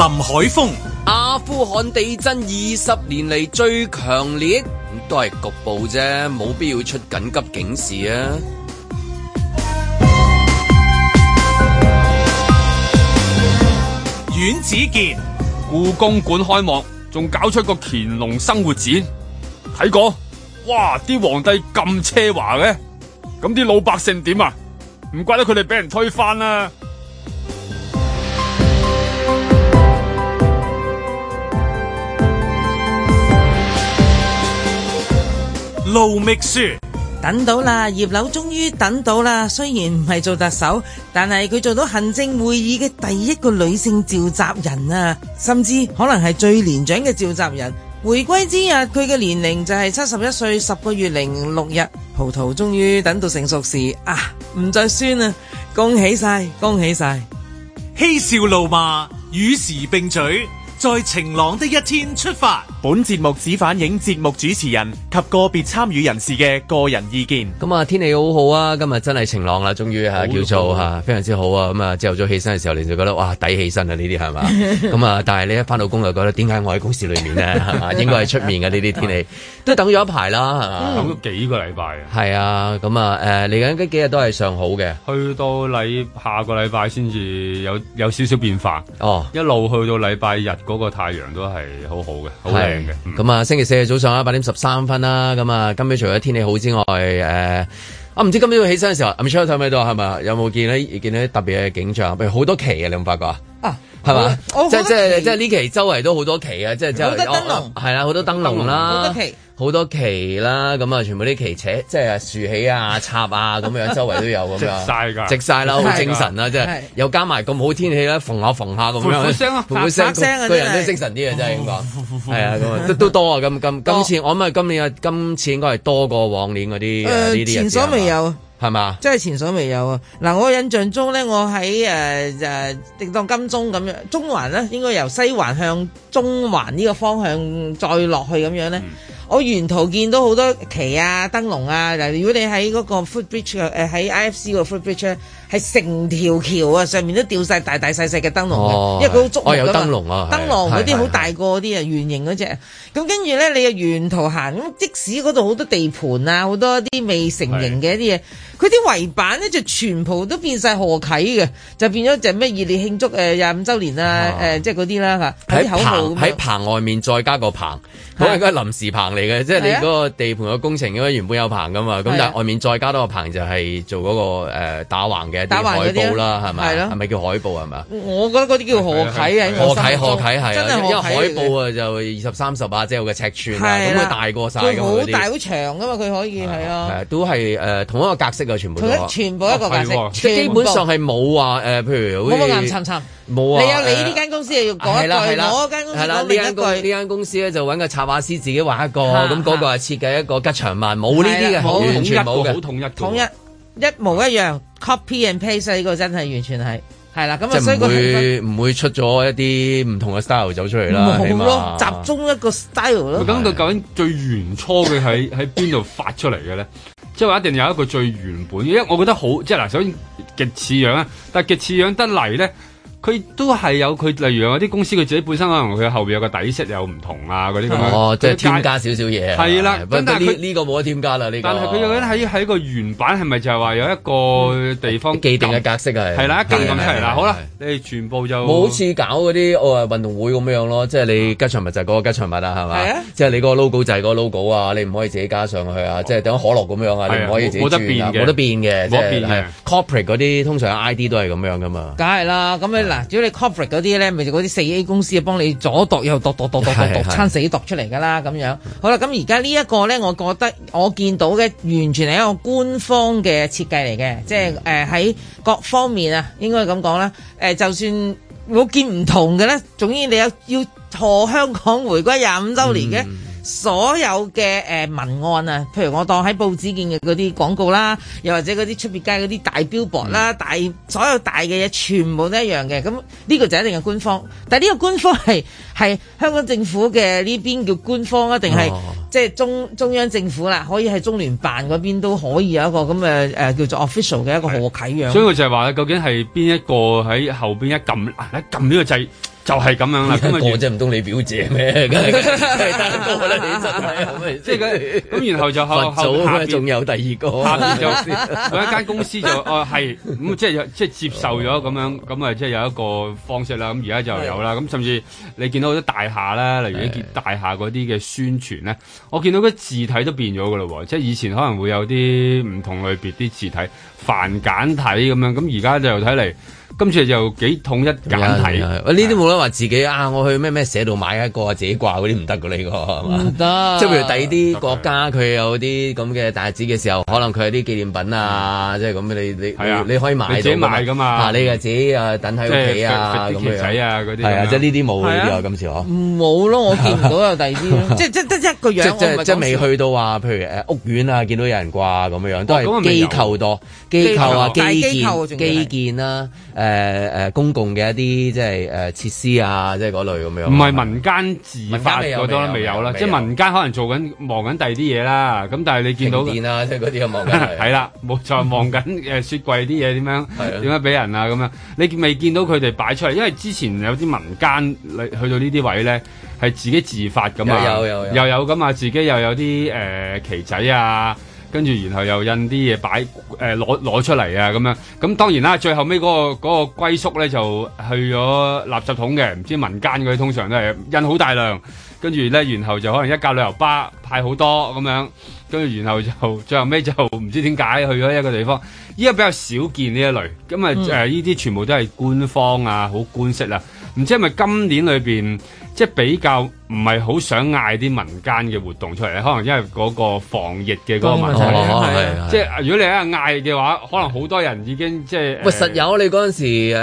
林海峰，阿富汗地震二十年嚟最強烈，咁都係局部啫，冇必要出緊急警示啊！阮子健，故宮館開幕，仲搞出個乾隆生活展，睇過？哇，啲皇帝咁奢華嘅，咁啲老百姓點啊？唔怪得佢哋俾人推翻啊。盧秘書等到啦，葉劉終於等到啦。雖然唔係做特首，但係佢做到行政會議嘅第一個女性召集人啊，甚至可能係最年長嘅召集人。回歸之日，佢嘅年齡就係七十一歲十個月零六日。葡萄終於等到成熟時啊，唔再酸啊，恭喜晒，恭喜晒！嬉笑怒罵，與時並舉，在晴朗的一天出發。本節目只反映節目主持人及個別參與人士嘅個人意見。咁啊，天氣好好啊，今日真係晴朗啦，終於吓叫做吓非常之好啊！咁啊，朝頭早起身嘅時候，你就覺得哇，抵起身啊！呢啲係嘛？咁啊，但係你一翻到工就覺得，點解我喺公司裏面呢？應該喺出面嘅呢啲天氣，都等咗一排啦，等咗幾個禮拜啊！係啊，咁啊，誒嚟緊呢幾日都係上好嘅，去到禮下個禮拜先至有有少少變化。哦，一路去到禮拜日嗰個太陽都係好好嘅，咁啊、嗯，星期四嘅早上啊，八點十三分啦，咁啊，今日除咗天氣好之外，誒、呃，啊，唔知今朝起身嘅時候，阿 Michelle 係咪，有冇見到，見到啲特別嘅景象，譬如好多旗啊，你有冇發覺啊？啊，係嘛，即係即係即係呢期周圍都好多旗啊，即係周圍係啦，好、嗯、多燈籠啦。好多旗啦，咁啊，全部啲旗扯即係豎起啊、插啊咁樣，周圍都有咁樣，直曬直曬啦，好精神啦，即係又加埋咁好天氣啦，逢下逢下咁樣，發、啊、聲咯，發聲個人都精神啲 啊，真係應該係啊，咁啊都都多啊，咁咁今次多我諗係今年啊，今次應該係多過往年嗰啲呢啲人，呃、前所未有係嘛？即係吧前所未有啊！嗱，我印象中咧、啊，我喺誒誒，定當金鐘咁樣中環咧、啊，應該由西環向中環呢個方向再落去咁樣咧。嗯。我沿途見到好多旗啊、燈籠啊，嗱，如果你喺嗰個 footbridge 嘅、呃，喺 IFC 個 footbridge 咧，係成條橋啊上面都吊晒大大細細嘅燈籠嘅，哦、因為佢好足。哦，有燈籠啊！燈籠嗰啲好大個嗰啲啊，圓形嗰隻。咁跟住咧，你又沿途行，咁即使嗰度好多地盤啊，好多啲未成型嘅一啲嘢。佢啲圍板咧就全部都變晒河啟嘅，就變咗就咩熱烈慶祝誒廿五周年啊誒，即係嗰啲啦嚇，啲口號喺棚外面再加個棚，嗰個係臨時棚嚟嘅，即係你嗰個地盤嘅工程，因為原本有棚噶嘛，咁但係外面再加多個棚就係做嗰個打橫嘅海報啦，係咪？係咪叫海報係咪？我覺得嗰啲叫河啟嘅。何啟何啟係，因為海報啊就二十三十即有嘅尺寸，咁佢大過晒㗎好大好長㗎嘛，佢可以係啊。都係誒同一個格式。佢全部一個格式，基本上係冇話誒，譬如好似冇冇暗沉沉，冇啊！你有你呢間公司係要講一句，我間公司講另一句，呢間公司咧就揾個插畫師自己畫一個，咁嗰個係設計一個吉祥物，冇呢啲嘅，好統一嘅，統一統一一模一樣，copy and paste 呢個真係完全係係啦。咁啊，所以佢唔會出咗一啲唔同嘅 style 走出嚟啦。集中一個 style 咯。咁佢究竟最原初佢喺喺邊度發出嚟嘅咧？即係話，一定有一個最原本嘅，因為我覺得好，即係嗱，首先極似樣啊，但係極似樣得嚟咧。佢都係有佢，例如有啲公司佢自己本身可能佢後面有個底色有唔同啊嗰啲咁咯。即係添加少少嘢。係啦，但係呢呢個冇得添加啦。呢個但係佢有啲喺喺個原版係咪就係話有一個地方既定嘅格式啊？係啦，既定係啦。好啦，你全部就好似搞嗰啲我話運動會咁樣咯，即係你吉祥物就係嗰個吉祥物啊，係嘛？係啊。即係你嗰個 logo 就係嗰個 logo 啊，你唔可以自己加上去啊。即係等可樂咁樣啊，你唔可以自己冇得變嘅，冇得變嘅。冇得變 Corporate 嗰啲通常 ID 都係咁樣噶嘛。梗係啦，咁嗱，主要你 corporate 嗰啲咧，咪就嗰啲四 A 公司啊，幫你左度右度度度度度度餐死度出嚟噶啦咁樣。好啦，咁而家呢一個咧，我覺得我見到嘅完全係一個官方嘅設計嚟嘅，即係誒喺各方面啊，應該咁講啦。誒、呃、就算我見唔同嘅咧，總之你有要坐香港回歸廿五周年嘅。嗯所有嘅誒、呃、文案啊，譬如我當喺報紙見嘅嗰啲廣告啦，又或者嗰啲出邊街嗰啲大標榜啦，嗯、大所有大嘅嘢全部都一樣嘅。咁呢個就一定係官方，但係呢個官方係係香港政府嘅呢邊叫官方啊，定係、哦、即係中中央政府啦？可以喺中聯辦嗰邊都可以有一個咁嘅誒叫做 official 嘅一個何啟樣、嗯。所以佢就係話，究竟係邊一,一個喺後邊一撳一撳呢個掣？就係咁樣啦，個真唔通你表姐咩？即係咁，咁然後就後後下邊仲有第二個，下，下、就是、 有一間公司就哦係咁、嗯，即係即係接受咗咁 樣，咁啊即係有一個方式啦。咁而家就有啦。咁 甚至你見到好多大廈啦，例如一啲大廈嗰啲嘅宣傳咧， 我見到啲字體都變咗噶咯喎，即係以前可能會有啲唔同類別啲字體繁簡體咁樣，咁而家就睇嚟。今次就幾統一簡體，喂呢啲冇得話自己啊！我去咩咩社度買一個自己掛嗰啲唔得噶呢個，唔得。即係譬如第二啲國家佢有啲咁嘅大日子嘅時候，可能佢有啲紀念品啊，即係咁你你可以買到。自己買噶嘛？你係自己啊，等喺屋企啊，咁樣仔啊嗰啲。即係呢啲冇呢啲啊，今次嗬。冇咯，我見唔到有第二啲，即係即一個樣。即即未去到話，譬如誒屋苑啊，見到有人掛咁樣都係機構多，機構啊，機構基建啊。誒誒、呃，公共嘅一啲即係誒設施啊，即係嗰類咁樣。唔係民間自發嗰啲啦，未有啦，有有即係民間可能做緊忙緊第二啲嘢啦。咁但係你見到停電即係嗰啲啊、就係、忙緊。係啦，冇錯，忙緊誒雪櫃啲嘢點樣點的樣俾人啊咁樣。你未見到佢哋擺出嚟，因為之前有啲民間去到呢啲位咧，係自己自發噶啊，有有有有又有又咁啊，自己又有啲誒旗仔啊。跟住然後又印啲嘢擺誒攞攞出嚟啊咁樣，咁、嗯、當然啦，最後尾嗰個嗰個歸宿咧就去咗垃圾桶嘅，唔知民間嗰啲通常都係印好大量，跟住咧然後就可能一架旅遊巴派好多咁樣，跟住然後就最後尾就唔知點解去咗一個地方，依家比較少見呢一類，咁啊誒呢啲全部都係官方啊好官式啦、啊，唔知係咪今年裏邊？即係比較唔係好想嗌啲民間嘅活動出嚟咧，可能因為嗰個防疫嘅嗰個問題，即係如果你喺度嗌嘅話，可能好多人已經即係。喂，實有你嗰陣時誒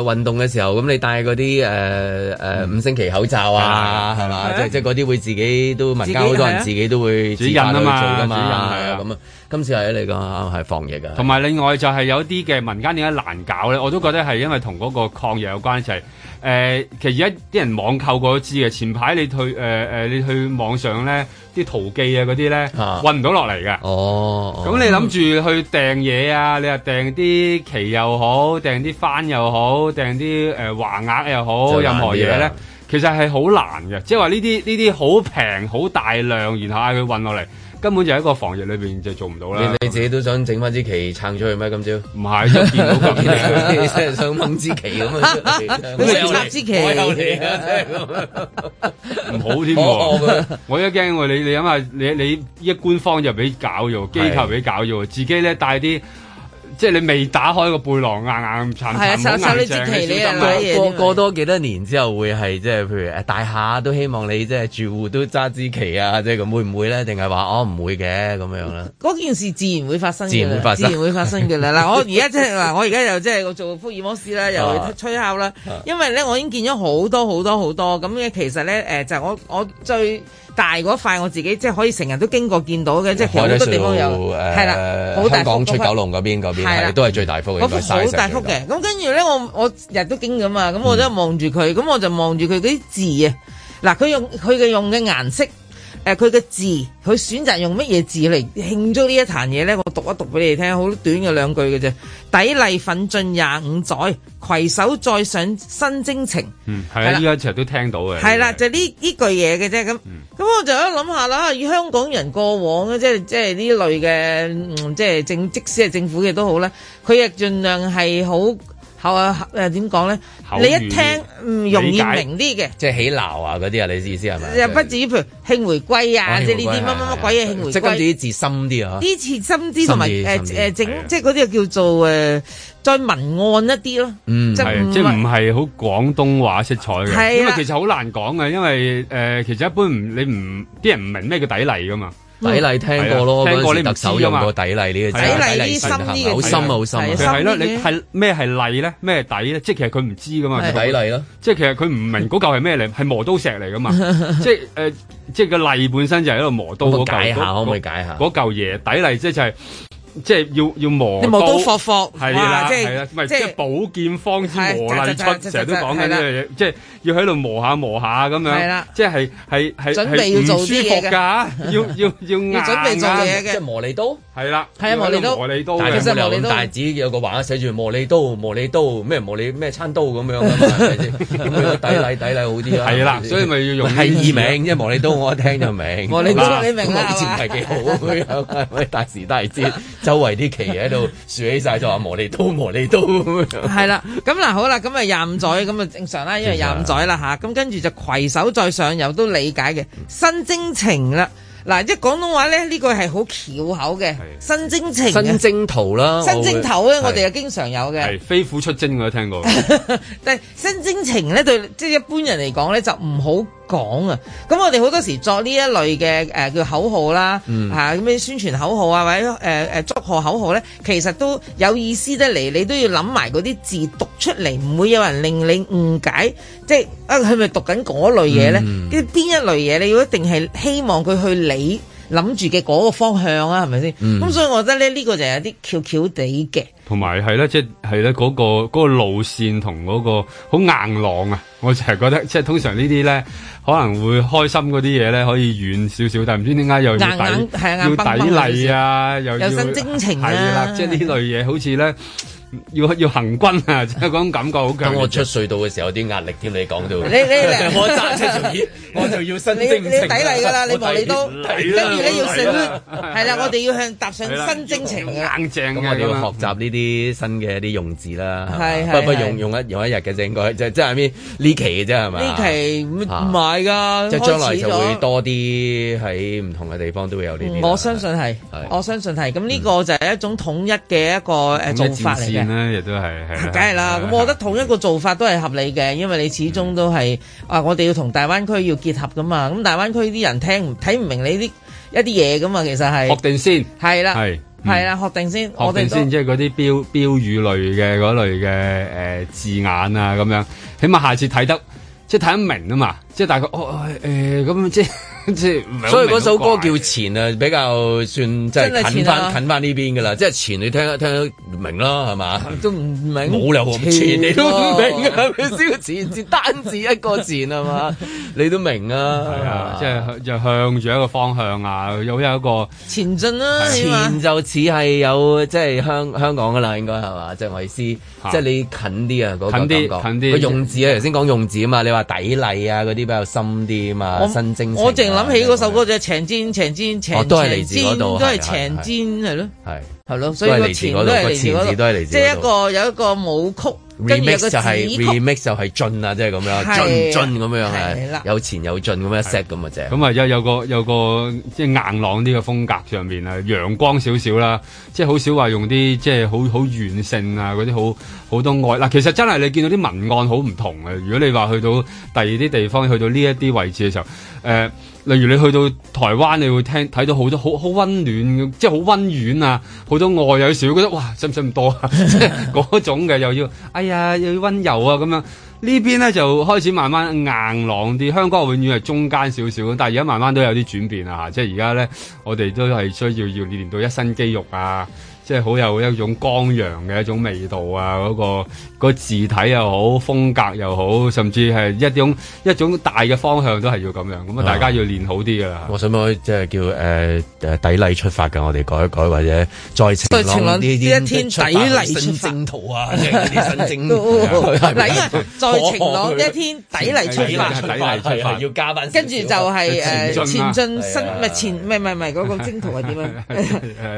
運動嘅時候，咁你戴嗰啲誒誒五星旗口罩啊，係嘛？即係即係嗰啲會自己都民間好多人自己都會主任啊嘛，主任係啊咁啊。今次係你講係防疫啊。同埋另外就係有啲嘅民間點解難搞咧？我都覺得係因為同嗰個抗疫有關係。誒，其實而家啲人網購我都知嘅。前排你去誒誒、呃，你去網上咧，啲淘記啊嗰啲咧運唔到落嚟嘅。哦，咁你諗住去訂嘢啊？你話訂啲旗又好，訂啲帆又好，訂啲誒橫額又好，啊、任何嘢咧，其實係好難嘅。即係話呢啲呢啲好平，好大量，然後嗌佢運落嚟。根本就喺一個防疫裏邊就係、做唔到啦你。你自己都想整翻支旗撐出去咩？今朝唔係，一見到佢哋，真係 想掹支旗咁啊！你插支旗，唔好添。我， 我一驚，你你諗下，你想想你，你一官方就俾搞咗，機構俾搞咗，是自己咧帶啲。即係你未打開個背囊，硬硬咁撐撐硬硬。你又買嘢過過多幾多年之後會，會係即係譬如誒大廈都希望你即係住戶都揸支旗啊！即係咁，哦、會唔會咧？定係話哦唔會嘅咁樣咧？嗰件事自然會發生，自然會發生，自然會發生嘅啦。嗱， 我而家即係話，我而家又即係做福爾摩斯啦，又吹哨啦。 因為咧，我已經見咗好多好多好多咁其實咧誒就我我最。大嗰塊我自己即係可以成日都經過見到嘅，嗯、即係其實好多地方有係啦。呃、大香港出九龍嗰邊嗰邊都係最大幅嘅。幅好大幅嘅咁，跟住咧我我日都經過嘛。咁我都望住佢，咁我就望住佢嗰啲字啊。嗱，佢用佢嘅用嘅顏色。誒佢嘅字，佢選擇用乜嘢字嚟慶祝一呢一壇嘢咧？我讀一讀俾你聽，好短嘅兩句嘅啫。砥礪奮進廿五載，攜手再上新征程。嗯，係啊，依家成日都聽到嘅。係啦、啊，該就呢呢句嘢嘅啫咁。咁、嗯、我就喺度諗下啦，以香港人過往嘅，即係即係呢類嘅，即係政即，即使係政府嘅都好啦，佢亦儘量係好。係啊，誒點講咧？你一聽唔容易明啲嘅，即係起鬧啊嗰啲啊，你意思係咪？又不至於，譬如慶回歸啊，即係呢啲乜乜乜鬼嘢慶回歸，即係嗰啲字深啲啊，啲字深啲同埋誒誒整，即係嗰啲叫做誒再文案一啲咯，嗯，即唔係好廣東話色彩嘅，因為其實好難講嘅，因為誒其實一般唔你唔啲人唔明咩叫抵賴噶嘛。抵例聽過咯，聽過你唔識用個抵例，呢個抵例深啲嘅，好深好深。係咯，你係咩係例咧？咩底咧？即係其實佢唔知噶嘛。係抵例咯。即係其實佢唔明嗰嚿係咩嚟？係磨刀石嚟噶嘛。即係誒，即係個例本身就係喺度磨刀。解下可唔可以解下？嗰嚿嘢抵例即係即係要要磨。磨刀霍霍係啦係啦，唔即係寶劍方先磨利出，成日都講緊呢樣嘢即係。要喺度磨下磨下咁樣，即係係係要做舒服噶，要要要壓噶，即係磨利刀。係啦，係啊磨利刀，磨利刀大時有個畫寫住磨利刀，磨利刀咩磨利咩餐刀咁樣，點樣抵禮抵禮好啲啊？係啦，所以咪要用。係耳名，即係磨利刀，我一聽就明。磨利刀，你明啦？以前唔係幾好，有大時大節，周圍啲旗喺度豎起晒，就話磨利刀，磨利刀。係啦，咁嗱好啦，咁啊廿五載咁啊正常啦，因為廿五載。改啦嚇，咁、嗯、跟住就攜手再上游都理解嘅，新征程啦，嗱即係廣東話咧呢個係好巧口嘅，的新征程、啊，新征途啦、會新征頭咧、啊，我哋又經常有嘅，飛虎出征我都聽過， 但係新征程咧對，即係一般人嚟講咧就唔好講啊，咁我哋好多時作呢一類嘅誒、呃、叫口號啦，吓咁樣宣傳口號啊，或者誒誒、呃、祝賀口號咧，其實都有意思得嚟，你都要諗埋嗰啲字讀出嚟，唔會有人令你誤解，即係啊，係咪讀緊嗰類嘢咧？跟住邊、嗯、一類嘢你要一定係希望佢去理。諗住嘅嗰個方向啊，係咪先？咁、嗯嗯、所以，我覺得咧，呢、呢個就有啲翹翹地嘅。同埋係咧，即係咧嗰個路線同嗰、嗰個好硬朗啊！我就係覺得，即係通常呢啲咧可能會開心嗰啲嘢咧，可以遠少少，但係唔知點解又要抵係啊，硬崩硬啊，又要又剩精情啊！啊的即係呢類嘢，好似咧。要要行軍啊！即嗰種感覺好強。我出隧道嘅時候有啲壓力添，你講到。你你嚟，我揸我就要新征程你唔抵你噶啦，你望你都，跟住你要食。係啦，我哋要向踏上新征程嘅。硬正咁，我哋要學習呢啲新嘅一啲用字啦。係，不不用用一用一日嘅啫，應該就即係呢期嘅啫係咪？呢期唔唔係㗎，即係將來就會多啲喺唔同嘅地方都會有呢啲。我相信係，我相信係。咁呢個就係一種統一嘅一個誒做法嚟嘅。亦都係，係梗係啦。咁我覺得同一個做法都係合理嘅，因為你始終都係啊，我哋要同大灣區要結合㗎嘛。咁大灣區啲人聽唔睇唔明你啲一啲嘢㗎嘛？其實係確定先，係啦，係係啦，確定先，確定先，即係嗰啲標標語類嘅嗰類嘅誒字眼啊，咁樣起碼下次睇得即係睇得明啊嘛，即係大概哦誒咁即係。所以嗰首歌叫前啊，比較算即係近翻近翻呢邊噶啦，即係前你聽聽明咯，係嘛？都唔明。冇理由前你都唔明啊！佢先前字單字一個前啊嘛，你都明啊？係啊，即係就向住一個方向啊，有有一個前進啦。前就似係有即係香香港噶啦，應該係嘛？即係我意即係你近啲啊嗰個感覺。近啲，近啲。個用字啊，頭先講用字啊嘛，你話砥礪啊嗰啲比較深啲啊嘛，新精諗起嗰首歌就長劍長劍長劍，都係嚟自嗰度，都係長劍係咯，係係咯，所以個前都係嚟自嗰度，即係一個有一個舞曲，跟住個主曲就係 remix 就係進啊，即係咁樣的進進咁樣係，有前有進咁樣 set 咁嘅啫。咁啊樣、嗯，有個有個有個即係硬朗啲嘅風格上面啊，陽光少少啦，即係好少話用啲即係好好圓性啊，嗰啲好好多愛嗱。其實真係你見到啲文案好唔同嘅。如果你話去到第二啲地方，去到呢一啲位置嘅時候，誒。例如你去到台灣，你會聽睇到好多好好溫暖，即係好溫暖啊！好多愛有時會覺得哇，使唔使咁多啊？即係嗰種嘅又要，哎呀又要溫柔啊咁樣。邊呢邊咧就開始慢慢硬朗啲，香港永遠係中間少少咁，但係而家慢慢都有啲轉變啊。即係而家咧，我哋都係需要要練到一身肌肉啊！即係好有一種光陽嘅一種味道啊！嗰、嗰個、嗰個字體又好，風格又好，甚至係一種一種大嘅方向都係要咁樣。咁啊，大家要練好啲㗎啦。我想唔可以即係叫誒誒、呃、抵禮出發嘅，我哋改一改或者再晴朗啲啲。再晴朗啲一天抵禮出發。新征途啊！啲 新征。第一日再晴朗一天抵禮出發。出發要加班跟、就係。跟住就係誒前進新唔係前唔係唔係唔係嗰個征途係點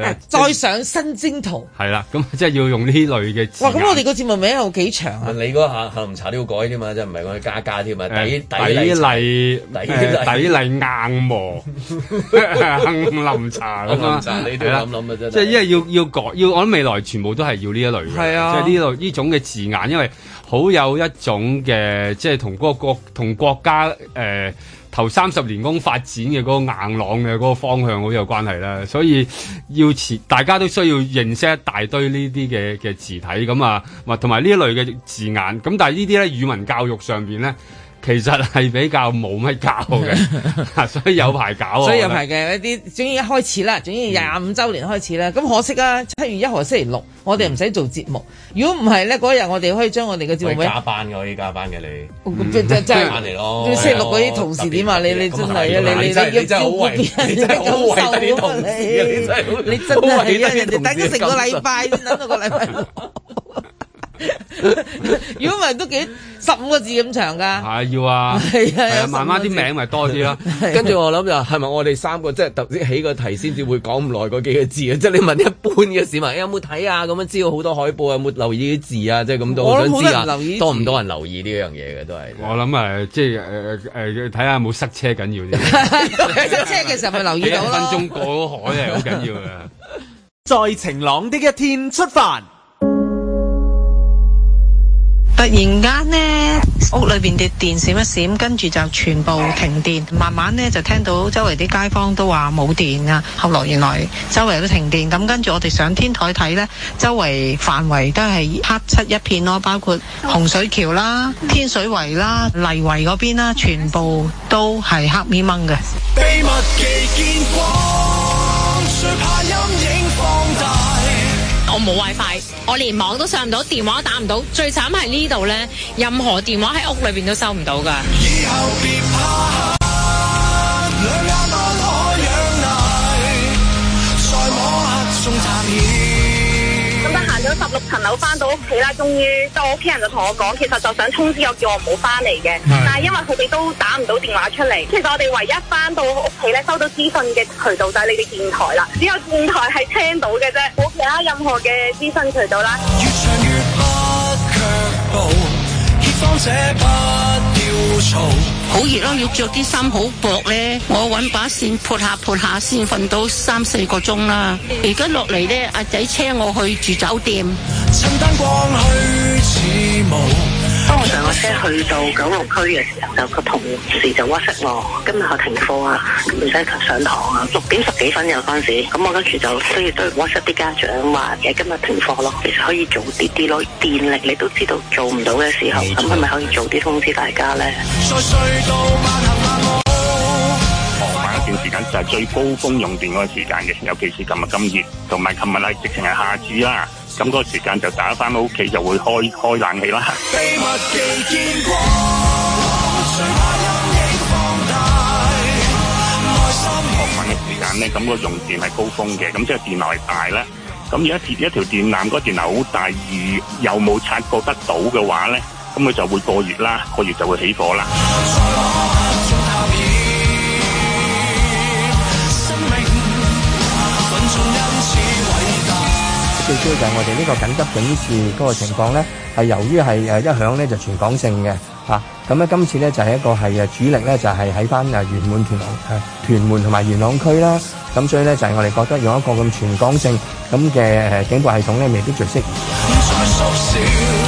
啊？ 再上新征途係啦，咁即係要用呢類嘅字。哇，咁我哋個節目名有幾長啊？你嗰下杏林茶都要改添嘛？即係唔係話加價添嘛？底抵力抵抵硬磨杏林茶，杏林茶你哋諗諗啊，即係因為要要改，要我諗未來全部都係要呢一類。係啊，即係呢類呢種嘅字眼，因為好有一種嘅，即係同嗰個國同國家誒。頭三十年工發展嘅嗰個硬朗嘅嗰個方向好有關係啦，所以要詞，大家都需要認識一大堆呢啲嘅嘅詞體咁啊，同埋呢一類嘅字眼咁，但係呢啲咧語文教育上邊咧。其實係比較冇乜搞嘅，所以有排搞，所以有排嘅一啲，終於開始啦，終於廿五周年開始啦。咁可惜啊，七月一號星期六，我哋唔使做節目。如果唔係咧，嗰日我哋可以將我哋嘅節目加班，可以加班嘅你，即係即係星期六嗰啲同事點啊？你你真係啊！你你真係好偉大，你真係好偉大，你真係，你真係啊！人哋等咗成個禮拜，等咗個禮拜。如果唔係都幾十五個字咁長噶，係、啊、要啊，係 啊，慢慢啲名咪多啲咯。 啊、跟住我諗就係咪我哋三個即係頭先起個題先至會講唔耐嗰幾個字，欸、有有啊有有字啊？即係你問一般嘅市民有冇睇啊？咁樣知道好多海報有冇留意啲字啊？即係咁多，我想知道多唔多人留意呢樣嘢嘅都係。我諗啊、呃，即係誒誒睇下有冇塞車緊要啫。 塞車嘅時候咪留意到 分鐘過海係好緊要啊！ 再晴朗啲的一天出發。突然間咧，屋裏邊啲電閃一閃，跟住就全部停電。慢慢咧就聽到周圍啲街坊都話冇電啊。後來原來周圍都停電，咁跟住我哋上天台睇咧，周圍範圍都係黑漆一片咯，包括洪水橋啦、天水圍啦、泥圍邊啦，全部都係黑咪蒙嘅。秘密冇 WiFi，我連網都上唔到，電話打唔到，最慘係呢度呢，任何電話喺屋裏邊都收唔到噶。層樓翻到屋企啦，終於當屋企人就同我講，其實就想通知我叫我唔好翻嚟嘅，是但係因為佢哋都打唔到電話出嚟，其實我哋唯一翻到屋企咧，收到資訊嘅渠道就係你哋電台啦，只有電台係聽到嘅啫，冇其他任何嘅資訊渠道啦。越長越不卻步好熱咯，要着啲衫好薄咧。我揾把扇撥下撥下先瞓到三四個鐘啦。而家落嚟咧，阿仔車我去住酒店。當我上架車去到九龍區嘅時候，就個同事就 WhatsApp 我，今日停課啊，唔使上堂啊。六點十幾分有嗰陣時，咁我跟住就需要都 WhatsApp 啲家長話誒，今日停課咯、啊。其實可以早啲啲咯，電力你都知道做唔到嘅時候，咁係咪可以早啲通知大家咧？傍晚錯 一段時間就係、是、最高峰用電嗰個時間嘅，尤其是今日咁熱，同埋琴日呢直情係夏至啦。咁個時間就打翻到屋企就會開開冷氣啦。學訓嘅時間咧，咁個用電係高峰嘅，咁即係電流係大咧。咁而家接一條電纜，嗰電流好大，而又冇察覺得到嘅話咧，咁佢就會過熱啦，過熱就會起火啦。所以就係我哋呢個緊急警示嗰個情況咧，係由於係誒一向咧就全港性嘅吓，咁咧今次咧就係一個係誒主力咧就係喺翻誒元滿屯門、屯門同埋元朗區啦，咁所以咧就係我哋覺得用一個咁全港性咁嘅誒警報系統咧未必最適宜。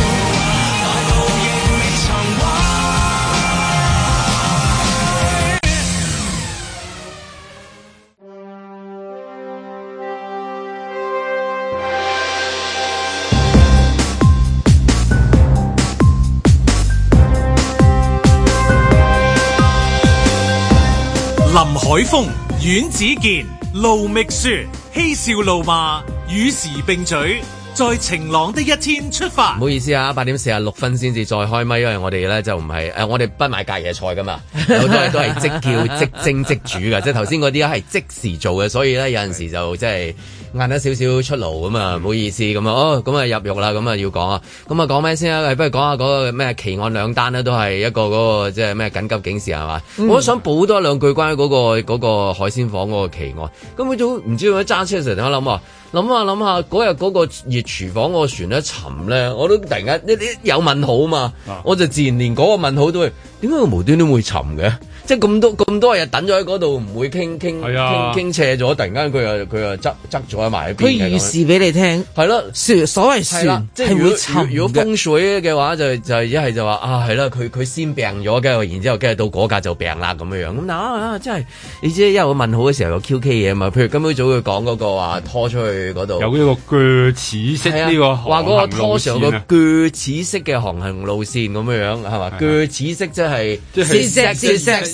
海風、阮子健、盧覓雪、嬉笑怒罵，與時並舉，在晴朗的一天出發。唔好意思啊，八點四啊六分先至再開咪，因為我哋咧就唔係誒，我哋不買隔夜菜噶嘛，好 多嘢都係即叫 即蒸,即,蒸即煮噶， 即頭先嗰啲係即時做嘅，所以咧有陣時就即係。 晏得少少出爐咁啊，唔好意思咁啊，哦咁啊入獄啦，咁啊要講啊，咁啊講咩先啊？不如講下嗰個咩奇案兩單呢，都係一個嗰個即係咩緊急警示係嘛？我都想補多兩句關於嗰個嗰個海鮮房嗰個奇案。咁佢都唔知喺揸車嘅時候，我諗啊，諗下諗下，嗰日嗰個熱廚房個船一沉咧，我都突然間一啲有問號啊嘛，我就自然連嗰個問號都會點解無端端會沉嘅？即係咁多咁多日等咗喺嗰度，唔會傾傾傾斜咗，突然間佢又佢又執執咗喺埋一邊。佢預示俾你聽。係咯，所謂説，即係如果如果風水嘅話，就就一係就話啊，係啦，佢佢先病咗，跟住然之後，跟住到嗰架就病啦咁樣樣。咁嗱啊，真係你知因為我問好嘅時候有 QK 嘢啊嘛？譬如今早佢講嗰個話拖出去嗰度，有呢個鋸齒式呢個話嗰個拖上個鋸齒式嘅航行路線咁樣樣係嘛？鋸齒式真係。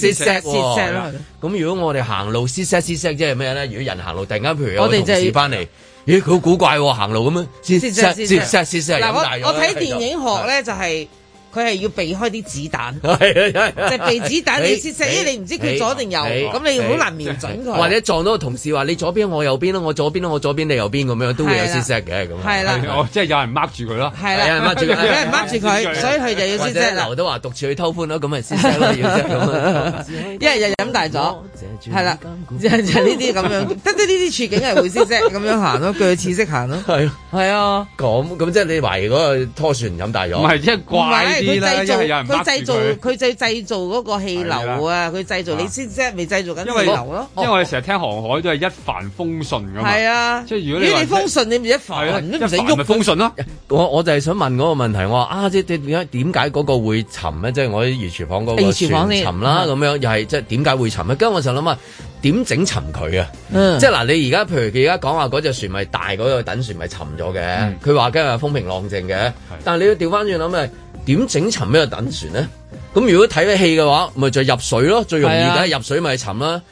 跌石，咁如果我哋行路，跌石跌石，即係咩咧？如果人行路突然間，譬如有同事翻嚟，咦，佢好古怪行路咁樣，跌石跌石跌石。嗱，我我睇電影學咧，就係。佢係要避開啲子彈，就避子彈。你先 set，因為你唔知佢左定右，咁你好難瞄準佢。或者撞到個同事話：你左邊我右邊咯，我左邊咯，我左邊你右邊咁樣都會有 set 嘅咁。係啦，即係有人 mark 住佢咯。係有人 mark 住佢，所以佢就要先 set。劉德華獨處去偷歡咯，咁咪 set 咯，咁一係又飲大咗，係啦，就就呢啲咁樣，得得呢啲處境係會 set 咁樣行咯，佢似識行咯。係，係啊，咁咁即係你懷疑嗰個拖船飲大咗，唔係即係怪。佢製造，佢製造，佢製製造嗰個氣流啊！佢製造你先啫，未製造緊氣流咯。因為我哋成日聽航海都係一帆風順嘅嘛。係啊，一帆風順點止帆？咁唔使喐咪風順咯。我我就係想問嗰個問題，我話啊，即係點解點解嗰個會沉咧？即係我喺魚廚房嗰個船沉啦，咁樣又係即係點解會沉？跟住我就諗啊，點整沉佢啊？即係嗱，你而家譬如佢而家講話嗰隻船咪大嗰個等船咪沉咗嘅？佢話梗係風平浪靜嘅，但係你要調翻轉諗係。點整沉咩嘢等船呢？咁如果睇嘅戲嘅話，咪就是、入水咯，最容易梗係入水咪是、啊、沉啦。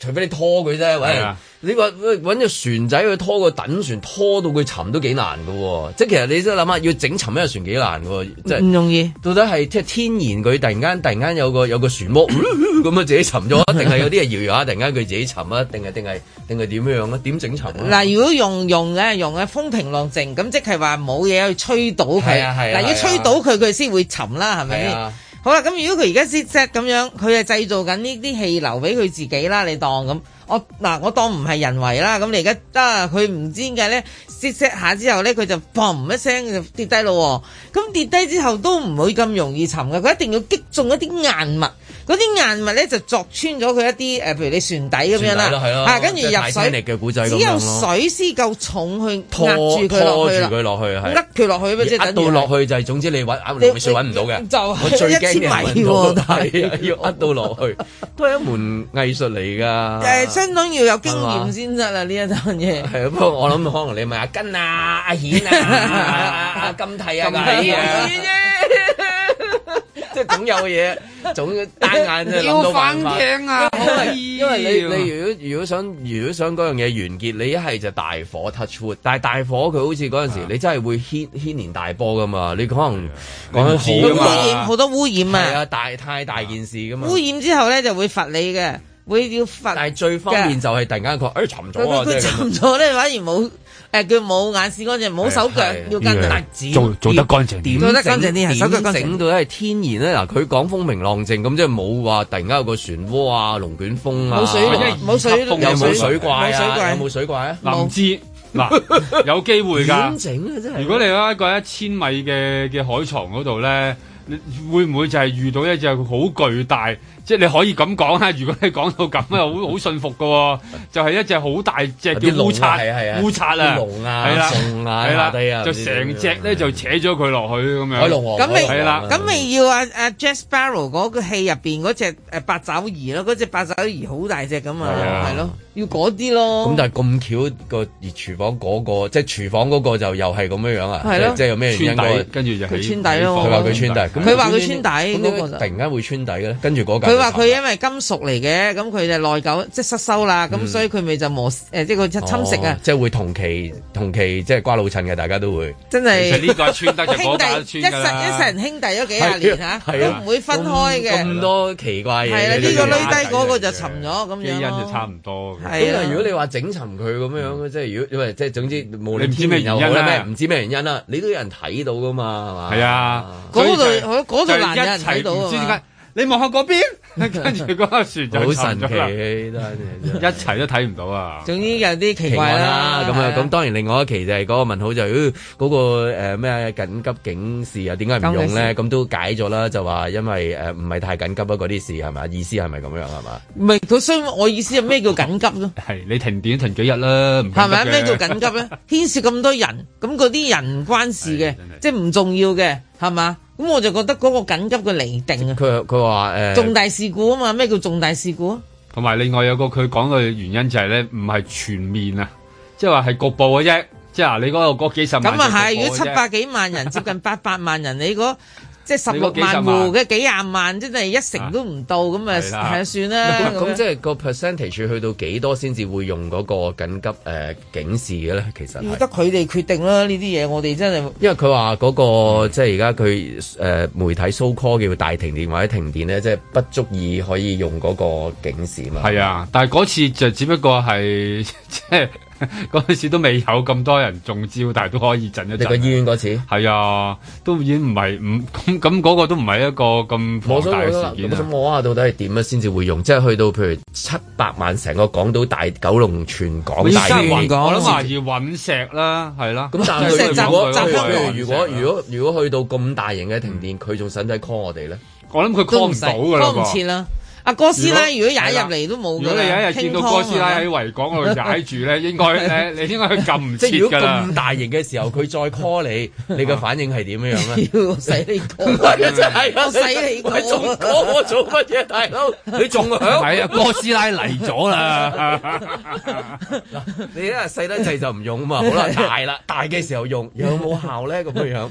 除非你拖佢啫，是啊、喂。你話搵隻船仔去拖個躉船，拖到佢沉都幾難噶、哦，即係其實你即係諗下，要整沉一隻船幾難噶，即係唔容易。到底係即係天然佢突然間突然間有個有個船屋咁啊自己沉咗，定係有啲係搖搖下突然間佢自己沉啊？定係定係定係點樣樣啊？點整沉？嗱，如果用用嘅用咧風平浪靜咁，即係話冇嘢去吹到佢。係嗱，要吹到佢，佢先會沉啦，係咪？啊、好啦，咁如果佢而家 set set 咁樣，佢係製造緊呢啲氣流俾佢自己啦，你當咁。我嗱，我當唔係人為啦，咁你而家得佢唔知點解咧，set set 下之後咧，佢就砰一聲就跌低咯喎。咁跌低之後都唔會咁容易沉嘅，佢一定要擊中一啲硬物，嗰啲硬物咧就鑿穿咗佢一啲誒，譬如你船底咁樣啦，嚇，跟住入水力嘅古仔咁樣咯。只有水先夠重去壓住佢落去啦。壓佢落去咪即係等於。壓到落去就係總之你揾，你永遠揾唔到嘅。就一千米喎，係啊，要壓到落去，都係一門藝術嚟㗎。誒。跟到要有經驗先得啊！呢一單嘢係不過我諗可能你咪阿根啊、阿顯啊、阿阿金提啊，即係總有嘢總單眼就諗反嘛。因為你你如果如果想如果想嗰樣嘢完結，你一係就大火 touch wood，但係大火佢好似嗰陣時你真係會牽牽連大波㗎嘛，你可能講緊污染好多污染啊，大太大件事㗎嘛，污染之後咧就會罰你嘅。會要罰，但係最方便就係突然間佢，哎沉咗啊！佢沉咗咧，反而冇誒，佢冇眼屎乾淨，冇手腳，要根筷子，做得乾淨，點做得乾淨啲？手腳整到咧係天然咧。嗱，佢講風平浪靜咁，即係冇話突然間有個漩渦啊、龍捲風啊，冇水，即係冇水，有冇水怪啊？冇水怪有冇水怪啊？嗱唔知嗱，有機會㗎。整啊真係！如果你喺一個一千米嘅嘅海床嗰度咧，會唔會就係遇到一隻好巨大？即係你可以咁講啦，如果你講到咁啊，好好信服嘅喎，就係一隻好大隻嘅烏鰡，烏鰡啊，龍啊，係啦，地啊，就成隻咧就扯咗佢落去咁樣。咁咪，係啦，咁咪要啊，阿 Jess Sparrow 嗰個戲入邊嗰隻誒八爪魚咯，嗰隻八爪魚好大隻咁啊，係咯，要嗰啲咯。咁但係咁巧個熱廚房嗰個，即係廚房嗰個就又係咁樣樣啊？係即係咩原因？跟住就穿底咯。佢話佢穿底，佢話佢穿底，咁點解突然間會穿底嘅咧？跟住嗰佢話：佢因為金屬嚟嘅，咁佢就耐久，即係失收啦。咁所以佢咪就磨，誒，即係佢侵蝕啊。即係會同期同期即係瓜老襯嘅，大家都會。真係。其實呢個穿得一世一世人兄弟咗幾廿年嚇，都唔會分開嘅。咁多奇怪嘢。係啦，呢個累低，嗰個就沉咗咁樣原因就差唔多。係啊。如果你話整沉佢咁樣即係如果因為即係總之，無論天氣又好咧，咩唔知咩原因啦，你都有人睇到㗎嘛，係嘛？係啊。嗰度嗰度難有人睇到㗎嘛。你望下嗰邊，跟住嗰個船就好神奇， 一齊都睇唔到啊！ 總之有啲奇怪啦。咁啊，咁當然另外一期就係嗰個問號就是，嗰、啊哎嗰個誒咩緊急警示啊？點解唔用咧？咁都解咗啦，就話因為誒唔係太緊急啊，嗰啲事係咪啊？意思係咪咁樣係嘛？唔係，佢所以我意思係咩叫緊急咯？係 你停電停咗幾日啦，係咪咩叫緊急咧？牽 涉咁多人，咁嗰啲人唔關事嘅，即係唔重要嘅，係嘛？咁我就覺得嗰個緊急嘅釐定啊，佢佢話誒，呃、重大事故啊嘛，咩叫重大事故啊？同埋另外有個佢講嘅原因就係咧，唔係全面啊，即係話係局部嘅啫，即係嗱，你嗰度嗰幾十萬，咁啊係，如果七百幾萬人，接近八百萬人，你嗰。即係十六萬戶嘅幾廿萬，即係、啊、一成都唔到，咁啊係算啦。咁 即係個 percentage 去到幾多先至會用嗰個緊急誒、呃、警示嘅咧？其實要得佢哋決定啦，呢啲嘢我哋真係因為佢話嗰個的即係而家佢誒媒體 s、so、call 叫大停電或者停電咧，即係不足以可以用嗰個警示嘛。係啊，但係嗰次就只不過係即係。就是嗰陣時都未有咁多人中招，但係都可以震一震。你個醫院嗰次係啊，都已經唔係唔咁咁嗰個都唔係一個咁龐大嘅事件。咁我下到底係點啊先至會用？即係去到譬如七百萬成個港島大、九龍全港大我諗懷疑隕石啦，係啦。咁但係如果如果如果去到咁大型嘅停電，佢仲使唔使 call 我哋咧？我諗佢 call 唔到噶啦，call 唔切啦。阿哥斯拉如果踩入嚟都冇用，如果你有一日見到哥斯拉喺維港嗰度踩住咧，應該咧你應該佢撳唔切㗎啦。即係如果咁大型嘅時候佢再 call 你，你嘅反應係點樣咧？要使你講，真係啊！使你講，我做乜嘢大佬？你仲響？係啊，哥斯拉嚟咗啦！你因為細得滯就唔用啊嘛，好啦，大啦，大嘅時候用有冇效咧咁嘅樣？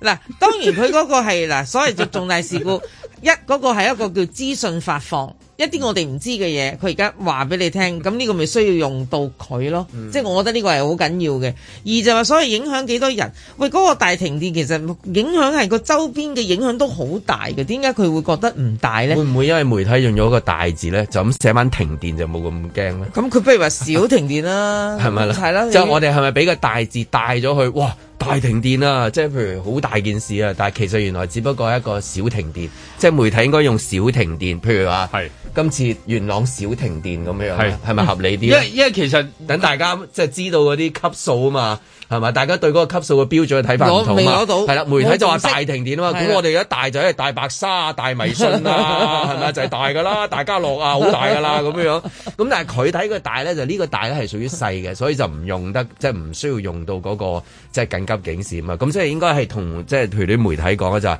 嗱，當然佢嗰個係嗱，所謂就重大事故一嗰個係一個叫資訊。發放一啲我哋唔知嘅嘢，佢而家話俾你聽，咁呢個咪需要用到佢咯？嗯、即係我覺得呢個係好緊要嘅。二就話所謂影響幾多人？喂，嗰、嗰個大停電其實影響係個周邊嘅影響都好大嘅。點解佢會覺得唔大呢？會唔會因為媒體用咗個大字呢，就咁寫翻停電就冇咁驚咧？咁佢 不如話少停電啦，係咪啦？係啦，即係 我哋係咪俾個大字帶咗去？哇！大停電啊，即係譬如好大件事啊，但係其實原來只不過係一個小停電，即係媒體應該用小停電，譬如話係。今次元朗小停電咁樣，係係咪合理啲？因為 因為其實等大家即係知道嗰啲級數啊嘛，係嘛？大家對嗰個級數嘅標準嘅睇法唔同啊，係啦。媒體就話大停電啊嘛，咁我哋一大就係大白沙、大微信啊，係咪 就係、是、大噶啦，大家樂啊，好大噶啦咁樣。咁但係佢睇個大咧，就呢個大咧係屬於細嘅，所以就唔用得，即係唔需要用到嗰、那個即係、就是、緊急警示啊嘛。咁即係應該係同即係、就是、譬如啲媒體講嘅就是。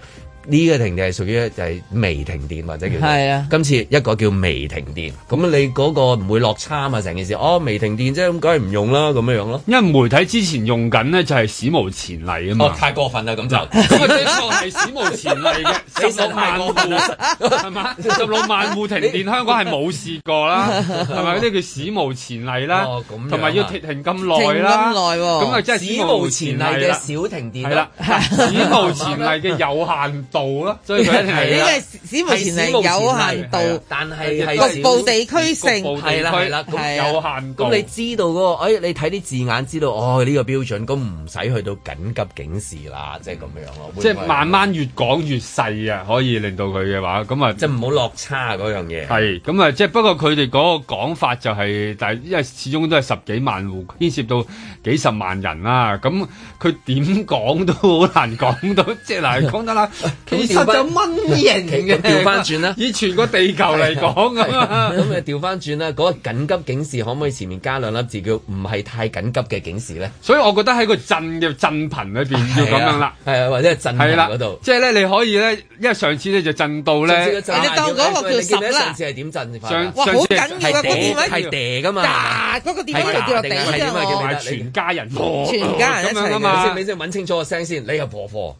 呢個停電係屬於就係微停電或者叫，啊，今次一個叫微停電，咁你嗰個唔會落差啊成件事。哦微停電啫，咁梗係唔用啦咁樣樣咯。因為媒體之前用緊呢，就係史無前例啊嘛，哦太過分啦咁就，咁呢個係史無前例嘅十六萬戶，係嘛，十六萬戶停電香港係冇試過啦，係咪嗰啲叫史無前例啦？同埋要停停咁耐啦，咁啊真係史無前例嘅小停電啦，史無前例嘅有限度咯，所以係啦、就是，呢個 史無前例有限度，但係局部地區性係啦，係有限度。咁你知道嗰個、哎？你睇啲字眼知道哦，呢、這個標準咁唔使去到緊急警示啦，即係咁樣咯。即係慢慢越講越細啊，可以令到佢嘅話，咁啊，即係唔好落差嗰樣嘢。係咁啊，即係不過佢哋嗰個講法就係、是，但係因為始終都係十幾萬戶牽涉到幾十萬人啦、啊，咁佢點講都好難講到。即係嗱，講得啦。其實就蚊型嘅，調翻轉啦。以全個地球嚟講啊，咁啊調翻轉啦。嗰個緊急警示可唔可以前面加兩粒字叫唔係太緊急嘅警示咧？所以我覺得喺個震嘅震頻裏邊要咁樣啦。係啊，或者係震嗰度。即係咧，你可以咧，因為上次咧就震到咧，上次嘅震大咗啦。你記得上次係點震？上上好緊要啊！個電話係嗲噶嘛？嗱，嗰個電話就叫做嗲啊！驚埋全家人，全家人一齊啊嘛？你先搵清楚個聲先，你係婆婆。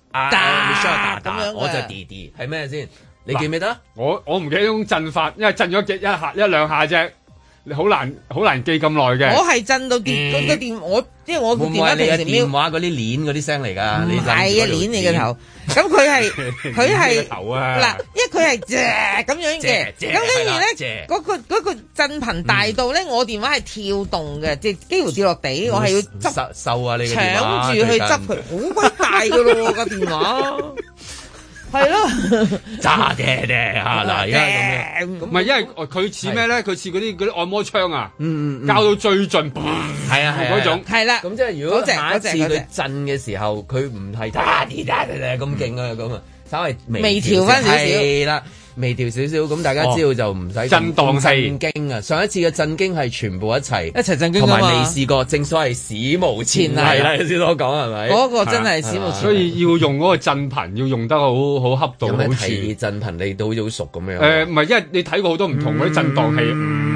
我就弟弟係咩先？你記唔記得？我我唔記得種震法，因為震咗一一下一兩下啫，你好難好難記咁耐嘅。我係震到電，嗰個電我即係我電話電話嗰啲鏈嗰啲聲嚟噶，大嘅鏈你嘅頭。咁佢係佢係嗱，因為佢係借咁樣嘅。咁跟住咧，嗰個嗰個震頻大到咧，我電話係跳動嘅，即係幾乎跌落地，我係要執收啊！你搶住去執佢，好鬼大噶咯個電話。係咯，炸爹爹啊嗱，唔係因為佢似咩咧？佢似嗰啲啲按摩槍啊，嗯嗯、交到最盡，砰、係啊係啊嗰種，係啦、啊。咁、啊啊啊啊、即係如果一次佢震嘅時候，佢唔係炸爹爹爹咁勁啊咁啊，嗯、稍微微調翻少少。微調少少，咁大家知道就唔使、哦、震盪器震驚啊！上一次嘅震驚係全部一齊一齊震驚噶，同埋未試過，正所謂史無前例。係啦、啊，先多講係咪？嗰吧個真係史無前，所以要用嗰個震頻，要用得好好恰到。好似震震頻？你都好似好熟咁樣。誒、呃，唔係，因為你睇過好多唔同嗰啲震盪器。嗯嗯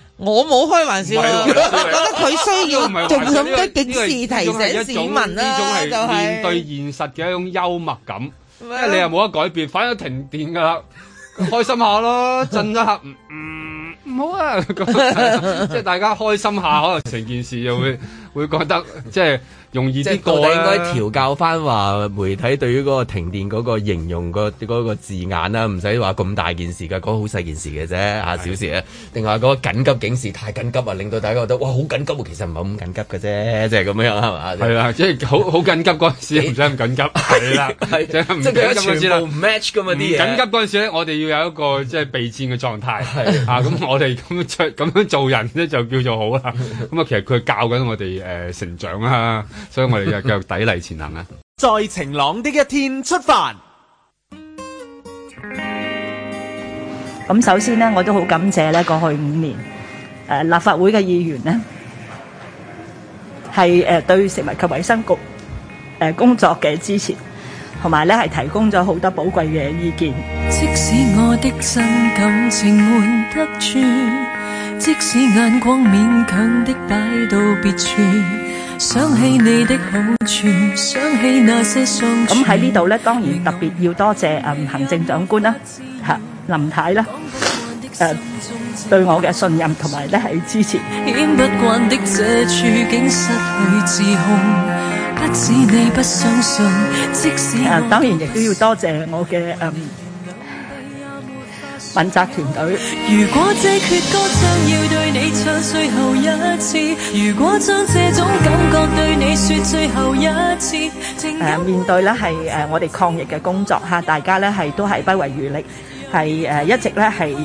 ～我冇開玩笑，覺得佢需要仲咁多警示提醒市民啦。呢種係面對現實嘅一種幽默感，因為你又冇得改變，反而停電噶啦，開心下咯，震一嚇，唔唔好啊！即係大家開心下，可能成件事就會。會覺得即係容易啲過我、啊、哋應該調教翻話媒體對於嗰個停電嗰個形容、嗰個嗰、嗰個字眼啦，唔使話咁大件事噶，講好細件事嘅啫啊，的小事啊。定話嗰個緊急警示太緊急啊，令到大家覺得哇好緊急，其實唔係咁緊急嘅啫，即係咁樣係嘛？係啦，即係好好緊急嗰陣時唔使咁緊急。係啦，即係唔緊急嗰陣時我哋要有一個即係、就是、備戰嘅狀態。係咁的、 啊、我哋咁樣咁樣做人咧就叫做好啦。咁啊，其實佢教緊我哋。誒，成長啊！所以我哋就繼續砥礪前行啊！在晴朗的一天出發。咁首先咧，我都好感謝咧過去五年誒立法會嘅議員咧，係誒對食物及衛生局誒工作嘅支持，同埋咧係提供咗好多寶貴嘅意見。即使眼光勉強的擺到別處，想起你的好處，想起那些相處。咁喺呢度咧，當然特別要多謝嗯行政長官啦，吓林太啦，誒對我嘅信任同埋咧係支持。牽不慣的這處境失去自控，不止你不相信，即使我。啊，當然亦都要多謝我嘅嗯。問責團隊，如果這闕歌將要對你唱最後一次，如果將這種感覺對你說最後一次，誒，面對呢係誒我哋抗疫嘅工作吓，大家呢係都係不遺餘力，係誒一直呢係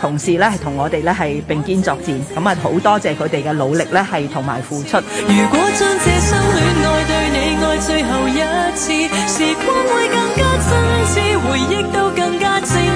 同事呢係同我哋呢係並肩作戰，咁啊好多謝佢哋嘅努力呢係同埋付出。如果將這生戀愛對你愛最後一次，時光會更加真摯，回憶都更加。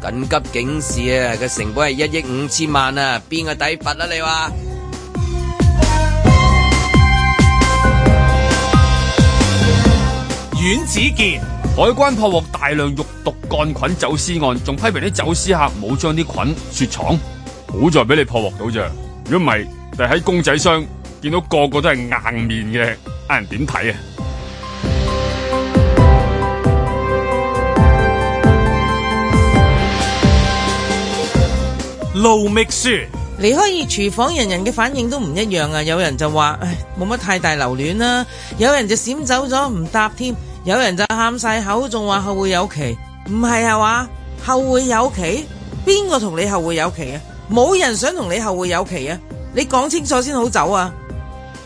緊急警示啊！個成本係一億五千萬啊，邊個抵罰啊你話？阮子健海關破獲大量肉毒桿菌走私案，仲批評啲走私客冇將啲菌雪藏，好在俾你破獲到啫。如果唔係，就喺公仔箱見到個個都係硬面嘅，啱人點睇啊？露秘書離開熱廚房，人人嘅反應都唔一樣啊！有人就話唉冇乜太大留戀啦，有人就閃走咗唔答添，有人就喊晒口，仲話後會有期。唔係啊，話後會有期？邊個同你後會有期啊？冇人想同你後會有期啊！你講清楚先好走啊！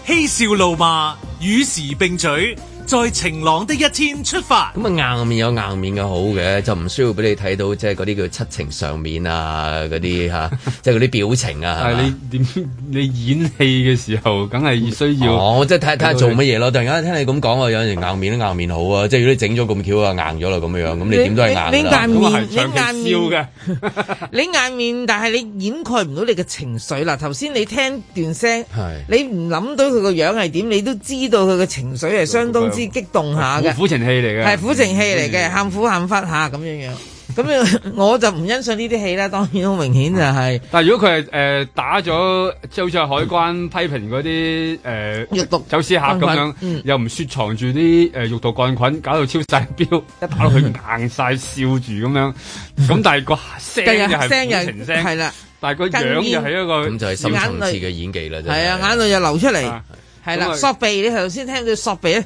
嬉笑怒罵與時並舉。在晴朗的一天出發。咁啊，硬面有硬面嘅好嘅，就唔需要俾你睇到，即係嗰啲叫七情上面啊嗰啲吓， 即係嗰啲表情啊。你點，你演戲嘅時候，梗係需要。我即係睇睇下做乜嘢咯？突然間聽你咁講，有陣硬面都硬面好啊！即係如果你整咗咁巧啊硬咗啦咁樣，咁你點都係硬啦、啊。你硬面，你硬面笑嘅， 你硬面，但係你掩蓋唔到你嘅情緒啦。頭先你聽段聲，你唔諗到佢個樣係點，你都知道佢嘅情緒係相當。 激動下嘅，苦情戲嚟嘅，係苦情戲嚟嘅，喊苦喊忽下咁樣樣，咁樣我就唔欣賞呢啲戲啦。當然好明顯就係。但係如果佢係誒打咗，即好似海關批評嗰啲誒肉毒走私客咁樣，又唔雪藏住啲誒肉毒桿菌，搞到超細標，一打落去硬晒，笑住咁樣，咁但係個聲又係苦情聲，係啦，但係個樣又係一個就係深層次嘅演技啦，真係。啊，眼淚又流出嚟，係啦，索鼻，你頭先聽到索鼻咧。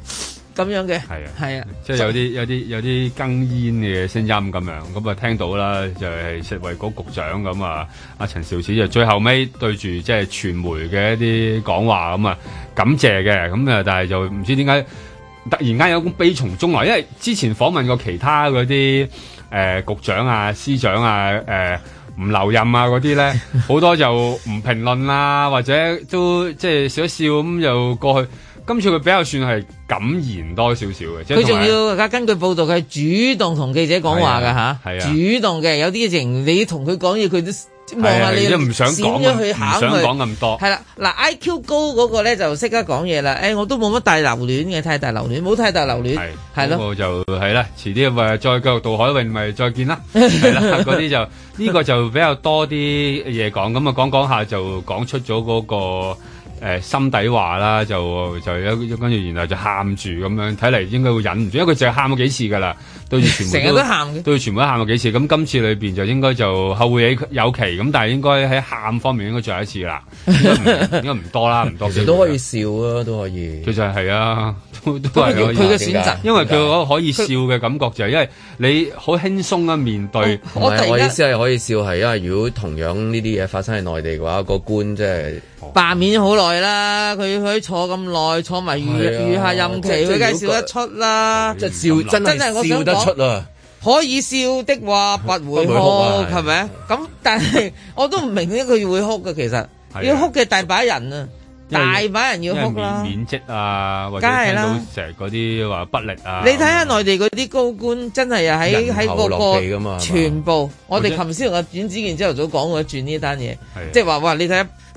咁樣嘅，係啊，係啊，即係有啲有啲有啲哽咽嘅聲音咁樣，咁啊聽到啦，就係食衞局局長咁啊，阿陳肇始就最後尾對住即係傳媒嘅一啲講話咁啊，感謝嘅，咁啊，但係就唔知點解突然間有種悲從中來，因為之前訪問過其他嗰啲誒局長啊、司長啊、誒、呃、唔留任啊嗰啲咧，好 多就唔評論啊，或者都即係笑一笑咁又過去。今次佢比較算係敢言多少少嘅，佢仲要，而家根據報道，佢係主動同記者講話㗎吓，主動嘅。有啲事情你同佢講嘢，佢都望下你，唔想講啊，唔想講咁多。係啦，嗱，IQ 高嗰個呢就識得講嘢啦。誒，我都冇乜大留戀嘅，太大留戀，冇太大留戀，係咯。就係啦，遲啲咪再繼續渡海泳咪再見啦。係啦，嗰啲就呢個就比較多啲嘢講。咁啊，講講下就講出咗嗰個。誒，心底話啦，就就一跟住，然後就喊住咁樣，睇嚟，應該會忍唔住，因為佢淨係喊過,幾次噶啦，對住全部，成日 都喊對住全部都喊過幾次。咁今次裏邊就應該就後會有期，咁但係應該喺喊方面應該再一次啦，應該唔 多啦，唔多嘅。其實都可以笑啊，都可以。其實係啊。都係佢嘅選擇，因為佢可以笑嘅感覺就係因為你好輕鬆啊面對。我我意思係可以笑係因為如果同樣呢啲嘢發生喺內地嘅話，個官即係罷免好耐啦，佢佢坐咁耐，坐埋餘餘下任期，佢梗係笑得出啦。即係笑真係笑得出啊！可以笑的話，不會哭係咪啊？咁但係我都唔明呢個要會哭嘅其實要哭嘅大把人啊！大把人要覆啦，免免職啊，或者啦。到成嗰啲話不力啊。樣你睇下內地嗰啲高官真係啊，喺喺、嗰個個全部，啊、我哋琴先同阿阮子健朝頭早講過轉呢單嘢，的即係話哇，你睇。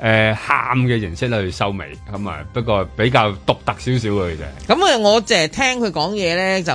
誒，喊嘅、呃、形式去收尾，咁啊，不過比較獨特少少嘅啫。咁啊、嗯，我淨係聽佢講嘢咧，就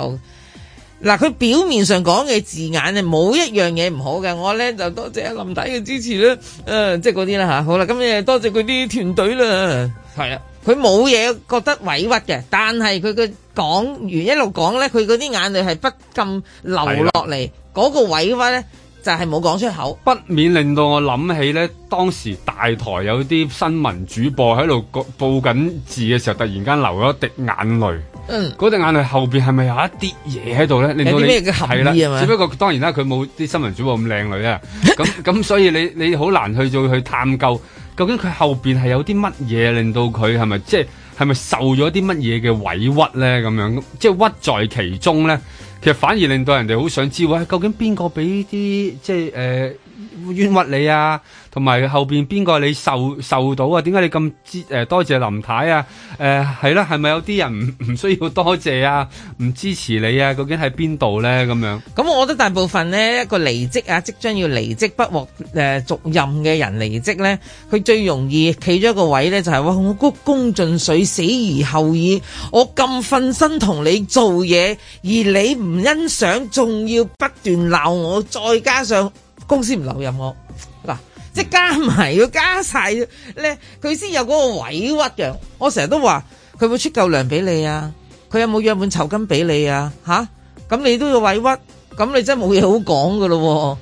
嗱，佢表面上講嘅字眼啊，冇一樣嘢唔好嘅。我咧就多謝阿林仔嘅支持啦，誒、啊，即係嗰啲啦吓、啊。好啦，咁啊，多謝佢啲團隊啦。係啊，佢冇嘢覺得委屈嘅，但係佢嘅講完一路講咧，佢嗰啲眼淚係不禁流落嚟，嗰、啊、個委屈咧。就係冇講出口，不免令到我諗起咧。當時大台有啲新聞主播喺度報緊字嘅時候，突然間流咗一滴眼淚。嗯，嗰滴眼淚後邊係咪有一啲嘢喺度咧？令到你係啦，只不過當然啦，佢冇啲新聞主播咁靚女啊。咁咁， 所以你你好難去再去探究，究竟佢後邊係有啲乜嘢令到佢係咪即係係咪受咗啲乜嘢嘅委屈咧？咁樣即係、就是、屈在其中咧。其實反而令到人哋好想知，喂！究竟邊個俾啲即係誒、呃、冤屈你啊？同埋後邊邊個你受受到啊？點解你咁支誒、呃？多謝林太啊！誒係啦，係咪有啲人唔唔需要多謝啊？唔支持你啊？究竟喺邊度呢？咁樣咁、嗯，我覺得大部分呢，一個離職啊，即將要離職不獲誒、呃、續任嘅人離職呢，佢最容易企咗一個位呢，就係、是、哇！我鞠躬盡瘁死而後已，我咁瞓身同你做嘢，而你唔欣賞，仲要不斷鬧我，再加上公司唔留任我。即係加埋要加晒，咧，佢先有嗰個委屈嘅。我成日都話佢會出夠糧俾你啊，佢有冇約滿酬金俾你啊？嚇、啊，咁你都要委屈，咁你真係冇嘢好講嘅咯。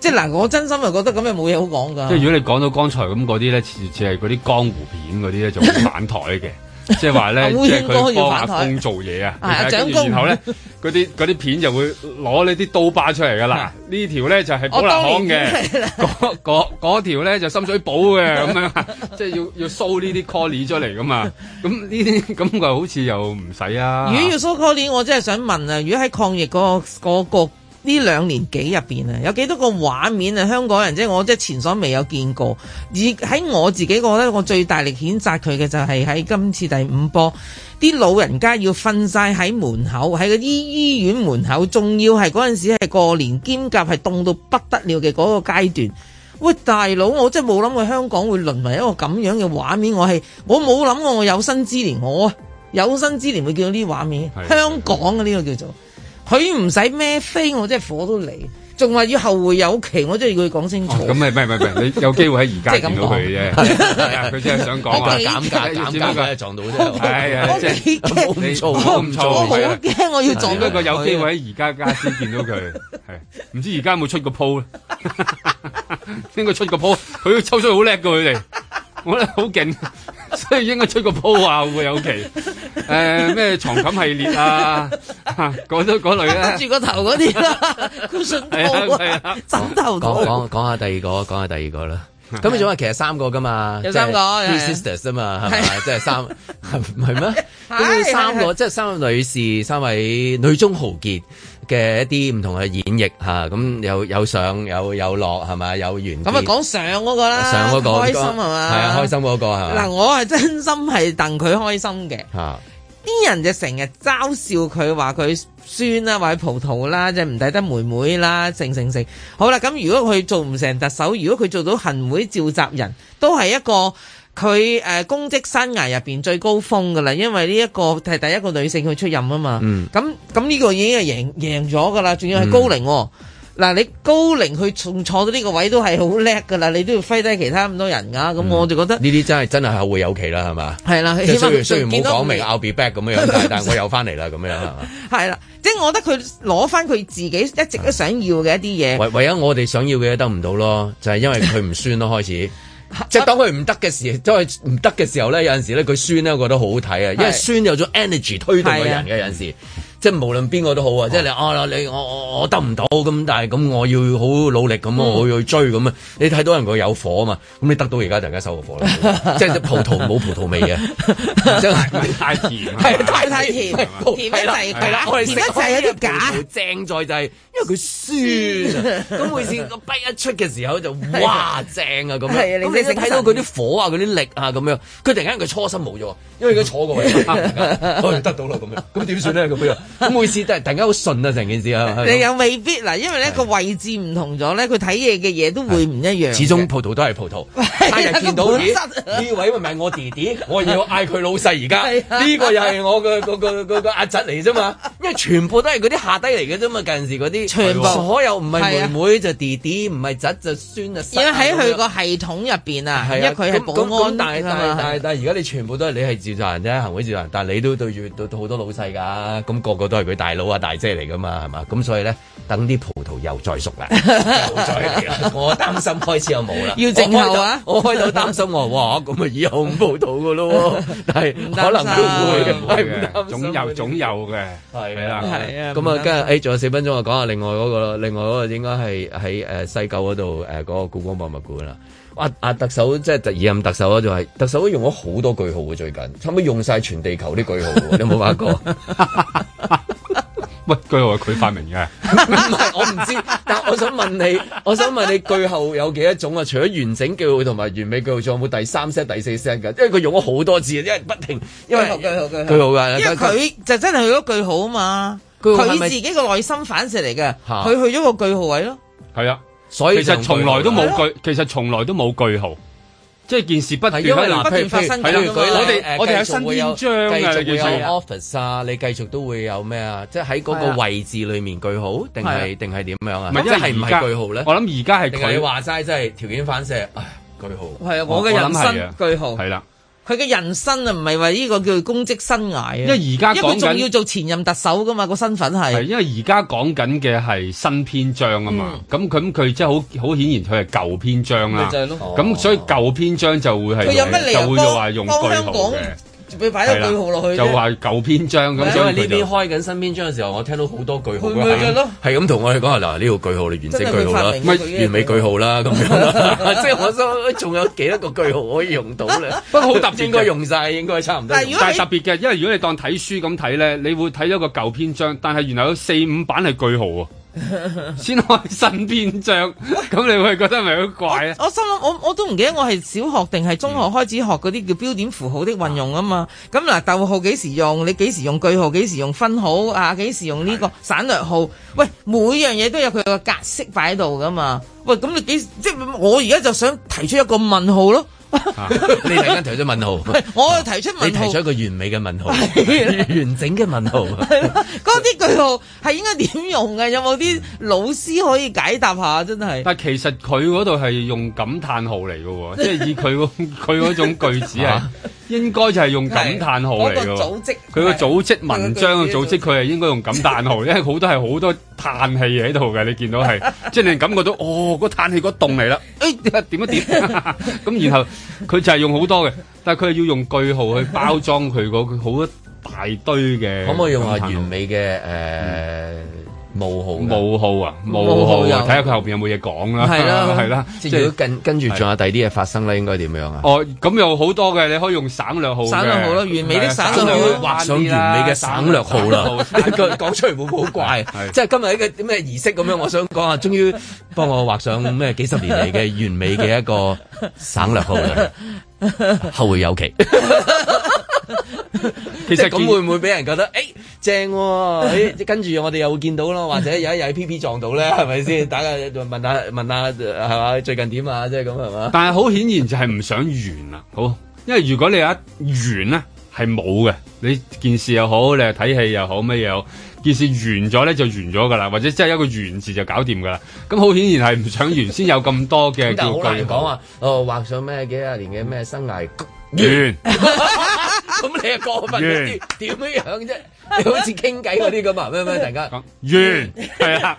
即係嗱，我真心係覺得咁樣冇嘢好講㗎。即係如果你講到剛才咁嗰啲咧，似似係嗰啲江湖片嗰啲咧，就反台嘅。 即係話咧，即係佢幫阿公做嘢啊，咁然後咧嗰啲啲片就會攞呢啲刀疤出嚟噶啦。啊、條呢條咧就係寶林巷嘅，嗰條咧就深水埗嘅咁樣，啊，即係要要 show 呢啲 c a l l 出嚟噶嘛。咁呢啲咁佢好似又唔使啊。啊，如果要 show c a l l 我真係想問啊，如果喺抗疫嗰個嗰個。那個那個呢兩年幾入邊啊，有幾多個畫面啊？香港人即係我即係前所未有見過。而喺我自己覺得，我最大力譴責佢嘅就係喺今次第五波，啲老人家要瞓晒喺門口，喺嗰啲醫院門口，仲要係嗰陣時係過年兼夾係凍到不得了嘅嗰個階段。喂，大佬，我真係冇諗過香港會淪為一個咁樣嘅畫面。我係我冇諗過我有生之年，我有生之年會見到啲畫面。的香港嘅呢個叫做。佢唔使咩飛，我真係火都嚟，仲話要後會有期，我真係要佢講清楚。咁咪咩咩咩，你有機會喺而家見到佢啫，佢真係想講啊減價減價撞到即係，你錯唔錯，我唔錯，我驚我要撞。不過有機會喺而家家先見到佢，係唔知而家有冇出個鋪咧？應該出個鋪，佢要抽出好叻㗎佢哋。我咧好勁，所以 應該出個鋪、呃、啊！會有其誒咩床冚系列啊，嗰啲嗰類啦，住個頭嗰啲啦，cushion 枕頭。講講講下第二個，講下第二個啦。咁你總係其實三個噶嘛？有三個，three sisters 啫嘛，係咪？即係三，係咩？咁三個，即係、啊、 三位女士，三位女中豪傑。嘅一啲唔同嘅演繹嚇，咁、啊、有有上有有落係嘛，有完。咁啊講上嗰個啦，上嗰、嗰個開心係嘛，係啊、嗰個、吧開心嗰、嗰個嗱、啊、我係真心係戥佢開心嘅。嚇的，啲人就成日嘲笑佢話佢酸啦，話佢葡萄啦，即係唔抵得妹妹啦，成成成。好啦，咁如果佢做唔成特首，如果佢做到行會召集人，都係一個。佢誒公職生涯入邊最高峰噶啦，因為呢一個係第一個女性去出任啊嘛。嗯。咁咁呢個已經係贏贏咗噶啦，仲要係高齡喎。嗱，你高齡去坐到呢個位都係好叻噶啦，你都要揮低其他咁多人噶。咁我就覺得呢啲真係真係後會有期啦，係嘛？係啦，即係雖然雖然冇講明 I'll be back 咁樣樣，但係我又翻嚟啦咁樣，係嘛？係啦，即係我覺得佢攞翻佢自己一直都想要嘅一啲嘢。唯唯一我哋想要嘅嘢得唔到咯，就係因為佢唔算咯開始。即係當佢唔得嘅時候，當佢唔得嘅時候咧，有陣時咧佢酸咧，我覺得好好睇啊，是的 因為酸有咗 energy 推動嘅人嘅是的 有陣時。即係無論邊個都好啊！即係你哦，你我我我得唔到咁，但係咁我要好努力咁我要去追咁啊！你睇到人個有火啊嘛，咁你得到而家突然間收個火啦，即係隻葡萄冇葡萄味嘅，即係太甜，係太甜，甜得滯，係啦，甜得滯有啲假，正在就係因為佢酸，咁每次個筆一出嘅時候就哇正啊咁你睇到佢啲火啊、佢啲力啊咁樣，佢突然間佢初心冇咗，因為佢坐過位，我得到啦咁樣，咁點算咧咁樣？每次都係突然間好順啊，成件事啊，你又未必嗱，因為咧個位置唔同咗咧，佢睇嘢嘅嘢都會唔一樣。始終葡萄都係葡萄，今日見到呢位，咪係我弟弟，我要嗌佢老細而家。呢個又係我嘅個個阿侄嚟啫嘛，因為全部都係嗰啲下低嚟嘅啫嘛，近時嗰啲全部所有唔係妹妹就弟弟，唔係侄就孫啊。因為喺佢個系統入邊啊，因為佢係保安啊。咁但但係而家你全部都係你係召集人啫，行會召集人，但係你都對住好多老細噶，咁個。我都係佢大佬啊，大姐嚟噶嘛，係嘛？咁所以咧，等啲葡萄又再熟啦。我擔心開始又冇啦，要整下。我開頭擔心我，哇！咁咪以後冇葡萄噶咯？但係可能都會會，係唔擔心。總有總有嘅，係啦，係啊。咁啊，跟住誒，仲有四分鐘，我講下另外嗰個咯。另外嗰個應該係喺誒西九嗰度誒嗰個故宮博物館啦。阿阿特首即係第二任特首啊，就係、是、特首都用咗好多句號嘅最近，差唔多用晒全地球啲句號， 你有冇發覺？喂， 句號係佢發明嘅，唔 係我唔知。但我想問你，我想問你句號有幾多種啊？除咗完整句號同埋完美句號，仲有冇第三聲、第四聲噶？因為佢用咗好多字，因為不停，因為句號句號噶，因為佢就真係去咗句號啊嘛，佢自己個內心反射嚟嘅，佢嗎去咗個句號位咯，係啊。所以，其實從來都冇句，其實從來都冇句號，即係件事不斷，不斷發生嘅。我哋我哋喺新變相嘅，繼續會有 office 啊，你繼續都會有咩啊？即係喺嗰個位置裡面，句號，定係定係點樣啊？唔係，一係唔係句號咧？我諗而家係佢話齋，即係條件反射，句號。係啊，我嘅人生句號，係啦。佢嘅人生啊，唔係話呢個叫公職生涯啊，因為而家因為仲要做前任特首噶嘛，個身份係。係因為而家講緊嘅係新篇章啊嘛，咁咁佢即係好好顯然佢係舊篇章啦。咁所以舊篇章就會係，佢有咩理由就會話用句號嘅。俾擺咗句號落去，就話舊篇章咁樣。呢邊開緊新篇章嘅時候，我聽到好多句號嘅，係咁同我哋講下。嗱，呢個句號你完成句號啦，唔完美句號啦，咁樣。即係我仲有幾多個句號可以用到咧？不過好特別，應該用晒，應該差唔多。但係特別嘅，因為如果你當睇書咁睇咧，你會睇一個舊篇章，但係原來有四五版係句號啊。先開新篇章，咁 你會覺得係咪好怪啊？我心諗，我我都唔記得我係小學定係中學開始學嗰啲叫標點符號的運用啊嘛。咁嗱、嗯，逗號幾時用？你幾時用句號？幾時用分號？啊，幾時用呢個省略號？喂，每樣嘢都有佢個格式擺喺度噶嘛。喂，咁你幾即係我而家就想提出一個問號咯。啊、你突然間提出問號，我提出問號，你提出一個完美嘅問號，是的 完整嘅問號。嗰啲句號係應該點用嘅？有冇啲老師可以解答下？真係。但係其實佢嗰度係用感嘆號嚟嘅，即係以佢佢嗰種句子係。 應該就係用感嘆號嚟㗎喎，佢個組織文章嘅組織，佢係應該用感嘆號，因為好多係好多嘆氣嘢喺度嘅，你見到係，即係你感覺到哦，個嘆氣個洞嚟啦，誒點一點咁，然後佢就係用好多嘅，但係佢要用句號去包裝佢嗰個好一大堆嘅，可唔可以用話完美嘅誒？冇號，冇號啊，冇號，睇下佢後邊有冇嘢講啦，係啦，係啦，跟跟住仲有第二啲嘢發生咧，應該點樣啊？哦，咁有好多嘅，你可以用省略號。省略號咯，完美啲省略號，畫上完美嘅省略號啦，一個講出嚟，會唔會好怪。即係今日一個咩儀式咁樣，我想講啊，終於幫我畫上咩幾十年嚟嘅完美嘅一個省略號啦，後會有期。其實咁會唔會俾人覺得誒？正喎、啊，跟、哎、住我哋又會見到咯，或者有一日喺 P P 撞到咧，係咪先？大家問問下，問下係嘛？最近點啊？即係咁係嘛？但係好顯然就係唔想完啦、啊。好，因為如果你有一完咧係冇嘅，你件事又好，你係睇戲又好，乜嘢又好，件事完咗咧就完咗㗎啦，或者即係一個完字就搞掂㗎啦。咁好顯然係唔想完先有咁多嘅叫句講話。哦，畫上咩幾廿年嘅咩生涯完，咁你又過分點點樣啫？你好似傾偈嗰啲咁啊，咩咩突然間講完係啊，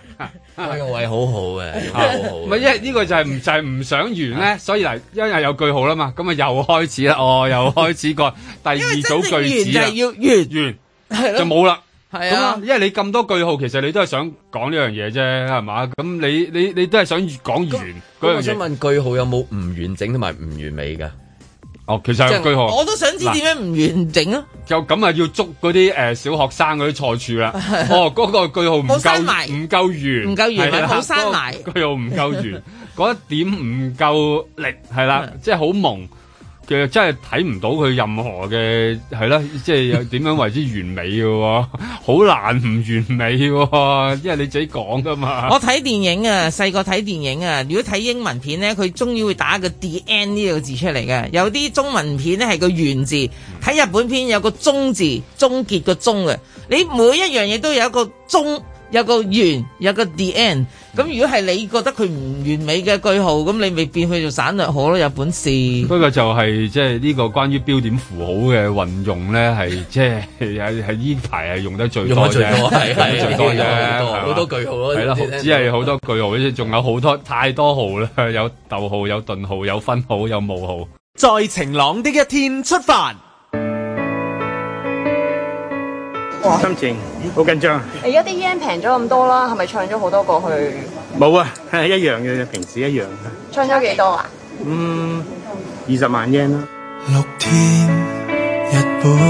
個位好好嘅，好好。唔係，因為呢個就係唔就係唔想完咧，所以嗱，因為有句號啦嘛，咁啊又開始啦，哦又開始個第二組句子完要完，完就冇啦，係啊。因為你咁多句號，其實你都係想講呢樣嘢啫，係嘛？咁你你你都係想講完。那樣嘢，我想問句號有冇唔完整同埋唔完美噶？哦，其實有句號，我都想知點樣唔完整啊！就咁啊，要捉嗰啲誒小學生嗰啲錯處啦。 哦，嗰、嗰個句號唔夠唔 埋夠圓，唔夠圓，好冇的埋。嗰個嗰個，句號唔夠圓，嗰 一點唔夠力，係啦， 即係好蒙。其實真係睇唔到佢任何嘅，係啦，即係有點樣為之完美嘅喎？好 難唔完美喎，因為你自己講噶嘛。我睇電影啊，細個睇電影啊，如果睇英文片咧，佢終於會打個 the end 呢個字出嚟嘅，有啲中文片咧係個完」字，睇日本片有個終」字，終結個終」嘅，你每一樣嘢都有一個終」。有個完，有個 the end 咁如果係你覺得佢唔完美嘅句號，咁你咪變去做省略號咯。有本事。不過就係、係、即係呢、呢個關於標點符號嘅運用咧，係即係喺喺呢排係用得最多用得最多，係係最多好多,多,多,多句號咯。係啦，只係好多句號，即仲、嗯、有好多太多號啦。有逗號，有頓號，有分號，有冒號。在晴朗的一天出發。心情好緊張。而家啲 yen 平咗咁多啦，係咪唱咗好多過去？冇啊，係一樣嘅，平時一樣嘅。唱咗幾多啊？嗯，二十萬 yen 啦。六天日本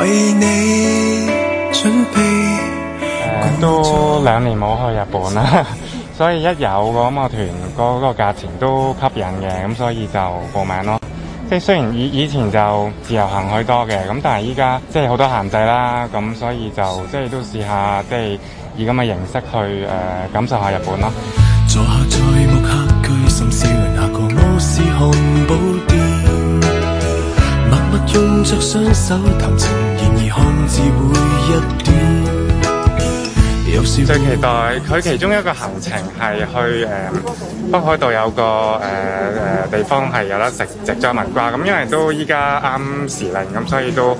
為你準備。誒，都兩年冇去日本啦，所以一有咁個團，嗰個價錢都吸引嘅，咁所以就報名咯。即係雖然以以前就自由行許多嘅，咁但係依家即係好多限制啦，咁所以就即係都試下即係以咁嘅形式去誒、呃、感受下日本咯。坐下在目黑最期待佢其中一個行程係去誒北海道，有個誒誒地方係有得食植栽文瓜，咁因為都依家啱時令咁，所以都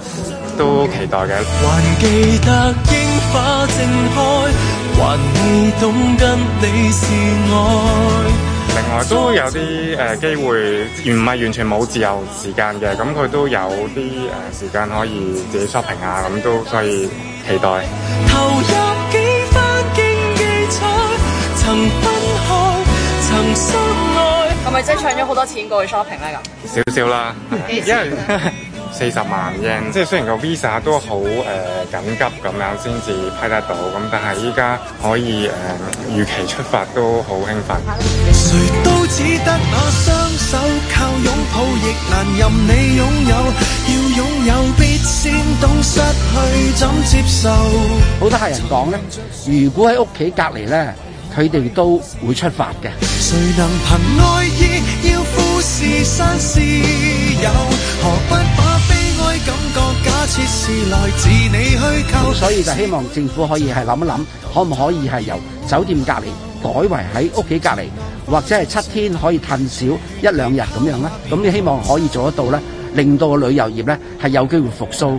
都期待嘅。還記得櫻花正開，還未懂得跟你示愛。另外都有啲誒機會，唔係完全冇自由時間嘅，咁佢都有啲誒時間可以自己 shopping 啊，咁都所以期待。係咪真搶咗好多錢過去 shopping 咧？咁少少啦， 因為四十 萬英元，即係 雖然個 visa 都好誒緊急咁樣先至批得到，咁但係依家可以誒預、呃、期出發都好興奮。好多客人講咧，如果喺屋企隔籬咧，佢哋都會出發嘅。咁所以就希望政府可以係諗一諗，可唔可以係由酒店隔離改為喺屋企隔離，或者係七天可以褪少一兩日咁樣呢？咁你希望可以做得到呢？令到個旅遊業呢係有機會復甦。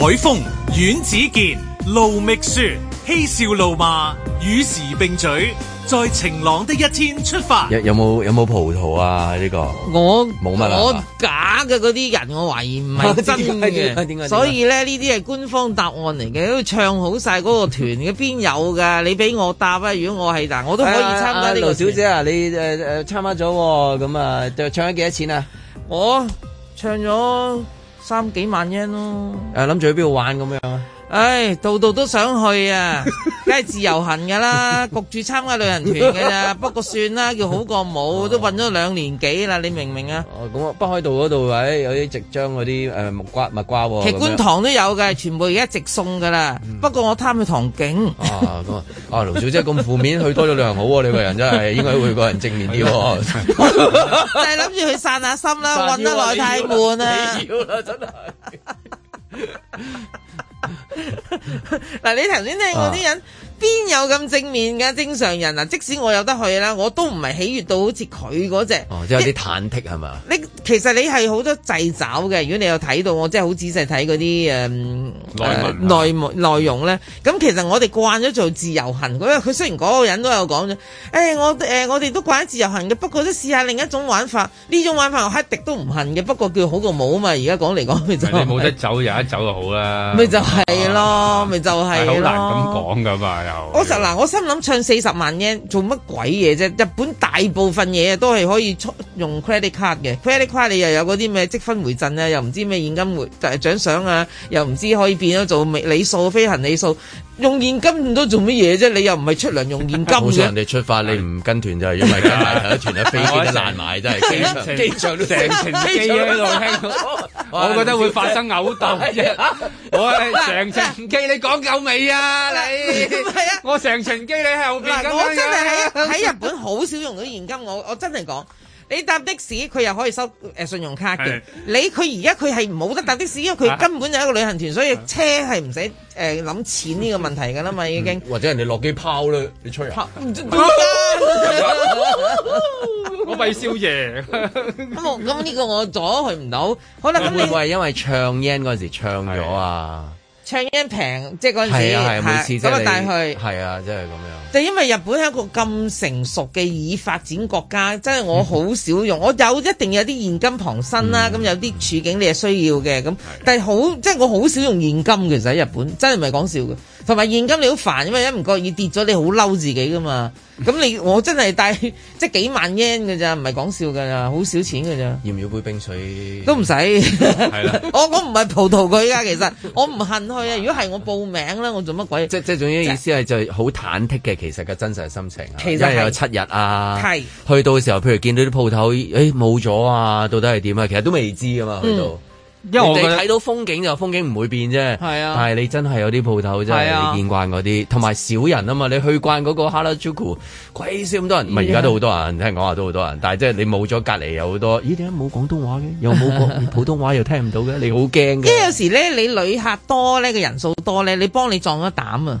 海風，阮子健、盧覓雪，嬉笑怒罵與時並嘴，在晴朗的一天出發。有冇有冇葡萄啊？呢、這個我冇乜，我，我假嘅嗰啲人，我懷疑唔係真嘅。 啊、所以咧，呢啲係官方答案嚟嘅，都唱好晒嗰個團嘅邊有噶？你俾我答啊！如果我係，但我都可以參加呢個、啊啊、小姐啊，你誒誒參加咗，咁啊，就唱咗幾多錢啊？我唱咗。三幾萬 yen 咯，誒，諗住去邊度玩咁樣啊？唉，度度都想去啊，梗係自由行噶啦，焗住參加旅行團噶咋？不過算啦，叫好過冇，都混咗兩年幾啦，你明唔明啊？哦，咁北海道嗰度位有啲直將嗰啲誒木瓜蜜瓜。奇觀堂都有嘅，全部而家直送噶啦。不過我貪去糖景。哦，咁啊，阿盧小姐咁負面，去多咗旅行好啊，你個人真係應該會個人正面啲。但係諗住去散下心啦，混得耐太悶啦。你要啦，真係。嗱， 你頭先聽嗰啲人邊、啊、有咁正面㗎？正常人嗱，即使我有得去啦，我都唔係喜悅到好似佢嗰隻哦，即係有啲忐忑係嘛？其實你係好多掣肘嘅，如果你有睇到我即係好仔細睇嗰啲誒內幕文、呃、內、內容咧。咁其實我哋慣咗做自由行，佢雖然嗰個人都有講咗，誒、欸、我誒、欸、我哋都慣咗自由行嘅，不過都試下另一種玩法。呢種玩法我一滴都唔恨嘅，不過叫好過冇啊嘛。而家講嚟講咪就係、是。你冇得走，有一走就好啦。咪、嗯、就係、是、咯，咪、嗯嗯、就係。好難咁講噶嘛又。我實嗱，我心諗唱四十萬 yen 做乜鬼嘢啫？日本大部分嘢都係可以用 credit card 嘅 credit。你又有嗰啲咩積分回贈啊，又唔知咩現金回誒獎賞啊，又唔知可以變咗做里數飛行里數，用現金都做乜嘢啫？你又唔係出糧用現金。好少人哋出發，你唔跟團就係因為啦，團喺飛機都難買，真係、啊、機場機場都成成機我覺得會發生毆鬥。嚇、啊！我成成機，你講夠未啊？你唔係啊，啊，啊？我成成機咧，我真係喺喺日本好少用到現金，我我真係講。你搭的士佢又可以收誒信用卡嘅，是的 你佢而家佢係冇得搭的士，因為佢根本就係一個旅行團，所以車係唔使誒諗錢呢個問題㗎啦嘛已經。或者人哋落機拋啦，你吹跑 啊！我咪少爺，咁我咁呢個我阻佢唔到，可能會唔會係因為唱煙嗰時唱咗啊？唱音平，即係嗰陣時，咁啊，啊就就帶去，係啊，即係咁樣。但因為日本係一個咁成熟嘅已發展國家，真係我好少用。嗯、我有一定有啲現金傍身啦，咁、嗯、有啲處境你係需要嘅。咁，啊、但係好，即係我好少用現金。其實喺日本，真係唔係講笑嘅。同埋現金你好煩，因為一唔覺意跌咗，你好嬲自己噶嘛。咁你我真係帶即係幾萬 yen 嘅咋，唔係講笑噶咋，好少錢嘅咋。要唔要杯冰水？都唔使。係啦，我我唔係葡萄佢噶，其實我唔恨佢啊。如果係我報名咧，我做乜鬼？即即係總之意思係就係好忐忑嘅，其實嘅真實心情其實係有七日啊，係去到嘅時候，譬如見到啲鋪頭，誒冇咗啊，到底係點啊？其實都未知噶嘛，去到。因為我哋睇到風景就風景唔會變啫，係啊！但係你真係有啲鋪頭真係你見慣嗰啲，同埋少人啊嘛！你去慣嗰個 Hello Juku 鬼少咁多人，唔係而家都好多人聽講話都好多人，但係即係你冇咗隔離有好多，咦點解冇廣東話嘅？又冇廣普通話 又聽唔到嘅？你好驚嘅。即係有時咧，你旅客多咧，個人數多咧，你幫你撞咗膽啊！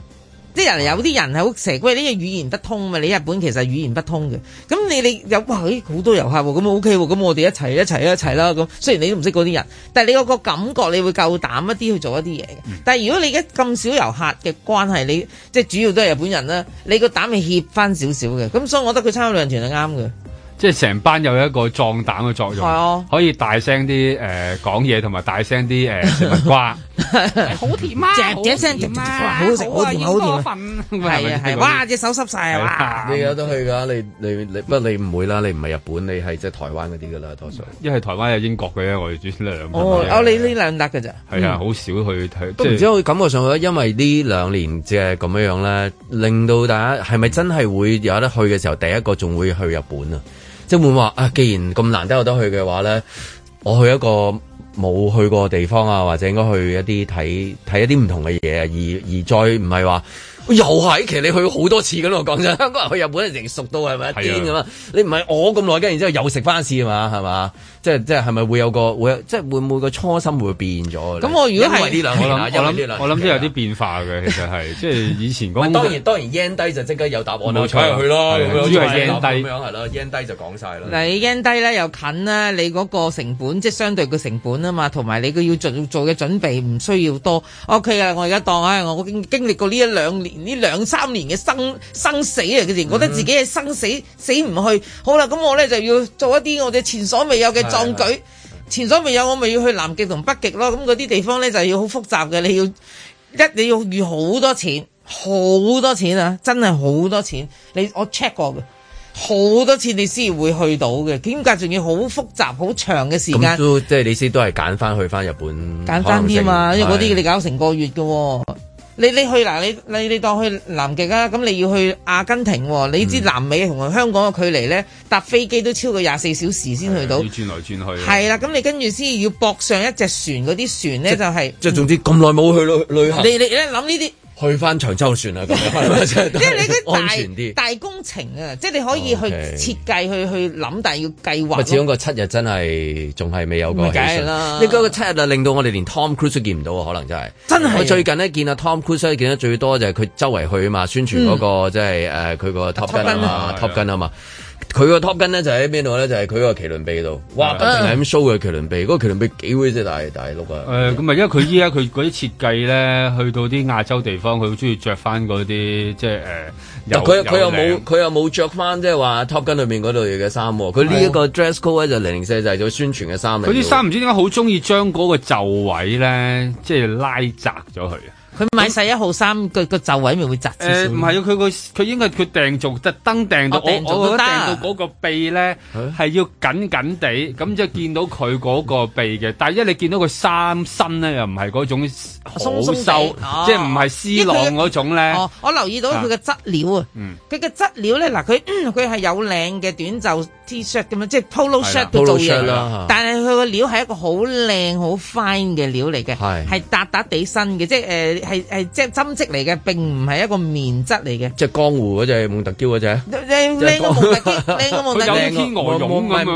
啲人有啲人係好成日喂呢啲語言不通嘛，你日本其實語言不通嘅，咁你你有好、哎、多遊客喎、啊，咁 OK 喎、啊，咁我哋一齊一齊一齊啦，咁雖然你都唔識嗰啲人，但係你個感覺你會夠膽一啲去做一啲嘢嘅。但係如果你而家咁少遊客嘅關係，你即係主要都係日本人啦，你個膽係怯翻少少嘅。咁所以我覺得佢參兩團係啱嘅，即係成班有一個壯膽嘅作用，哦、可以大聲啲誒講嘢，同、呃、埋大聲啲誒食蜜瓜。 好甜啊！啫 甜啊！好食啊！好食係啊係！哇！隻手濕晒啊！你有得去嘅你你不你不你唔會啦！你唔係日本，你係即係台灣嗰啲噶啦，多數。因為台灣，有英國嘅啫。我哋轉兩哦，我你呢兩得嘅咋？係、嗯、啊，好少去睇。都、就、唔、是、知會感覺上去，因為呢兩年即係咁樣樣咧，令到大家係咪真係會有得去嘅時候，第一個仲會去日本啊？即係會話啊！既然咁難得有得去嘅話咧，我去一個。冇去過地方啊，或者應該去一啲睇睇一啲唔同嘅嘢、啊，而而再唔係話又係，其實你去好多次㗎喇，我講真，香港人去日本成熟到係咪一啲咁嘛？你唔係我咁耐跟，然之後又食翻一次啊嘛，係嘛？即係即係，係咪會有個會即係會唔會個初心會變咗？咁我如果係，呢兩我諗，我諗都有啲變化嘅。其實係即係以前嗰個當然當然 yen 低就即刻有答案，冇錯入去啦，咁樣係啦，咁樣係啦，yen 低就講晒啦。嗱，yen 低咧又近啦，你嗰個成本即係相對嘅成本啊嘛，同埋你嘅要做嘅準備唔需要多。O K 啦，我而家當唉，我經經歷過呢一兩年呢兩三年嘅生生死啊，其實覺得自己係生死死唔去。好啦，咁我咧就要做一啲我哋前所未有嘅。壯舉前所未有，我咪要去南極同北極咯。咁嗰啲地方咧就要好複雜嘅，你要一你要預好多錢，好多錢啊！真係好多錢。你我 check 過嘅，好多錢你先會去到嘅。點解仲要好複雜、好長嘅時間？即係你先都係揀翻去翻日本，簡單啲啊！因為嗰啲你搞成個月嘅。你你去嗱，你你你當去南極啦，啊，咁你要去阿根廷喎，啊，你知南美同香港嘅距離咧，搭飛機都超過廿四小時先去到。轉來轉去。係啦，咁你跟住先要駁上一隻船，船，嗰啲船咧就係、是嗯、即係總之咁耐冇去旅旅行。你你咧諗呢啲？去翻長洲船算啦，即係你啲大大工程啊，即係你可以去設計去去諗，但係要計劃。始終個七日真係仲係未有個。唔緊啦，你嗰個七日啊，令到我哋連 Tom Cruise 都見唔到啊，可能真係。真係我最近呢見阿 Tom Cruise 見得最多就係佢周圍去啊嘛，宣傳嗰個即係誒佢個 Top Gun 啊嘛，Top Gun 啊嘛。佢個 top 跟咧就喺邊度咧？就係、是、佢個麒麟臂度。哇，都淨係咁 show 嘅麒麟臂。嗰個麒麟臂幾威啫！大大碌啊！誒、呃，咁咪因為佢依家佢嗰啲設計咧，去到啲亞洲地方，佢好中意着翻嗰啲即係誒。佢佢又冇佢又冇著翻即係話 top 跟裏面嗰度嘅衫喎。佢呢一個 dress code 咧就零零四就係做宣傳嘅衫嚟。佢啲衫唔知點解好中意將嗰個袖位咧，即係拉窄咗佢。佢買細一號衫，個個袖位咪會窄少少，唔係啊，佢個佢應該佢訂做特登訂到，我我訂到嗰個臂咧係要緊緊地，咁即係見到佢嗰個臂嘅。但係一你見到佢衫身咧又唔係嗰種好瘦，即係唔係絲浪嗰種咧？我留意到佢嘅質料啊，佢嘅質料咧嗱，佢佢係有領嘅短袖 T-shirt 咁樣，即係 polo shirt 做嘢。polo shirt 啦。但係佢個料係一個好靚好 fine 嘅料嚟嘅，係係沓沓地身嘅，即係誒。係係即針織嚟嘅，並唔係一個棉質嚟嘅。即江湖嗰隻夢特嬌嗰隻。靚靚個夢特嬌，靚個夢特嬌，天鵝絨啊，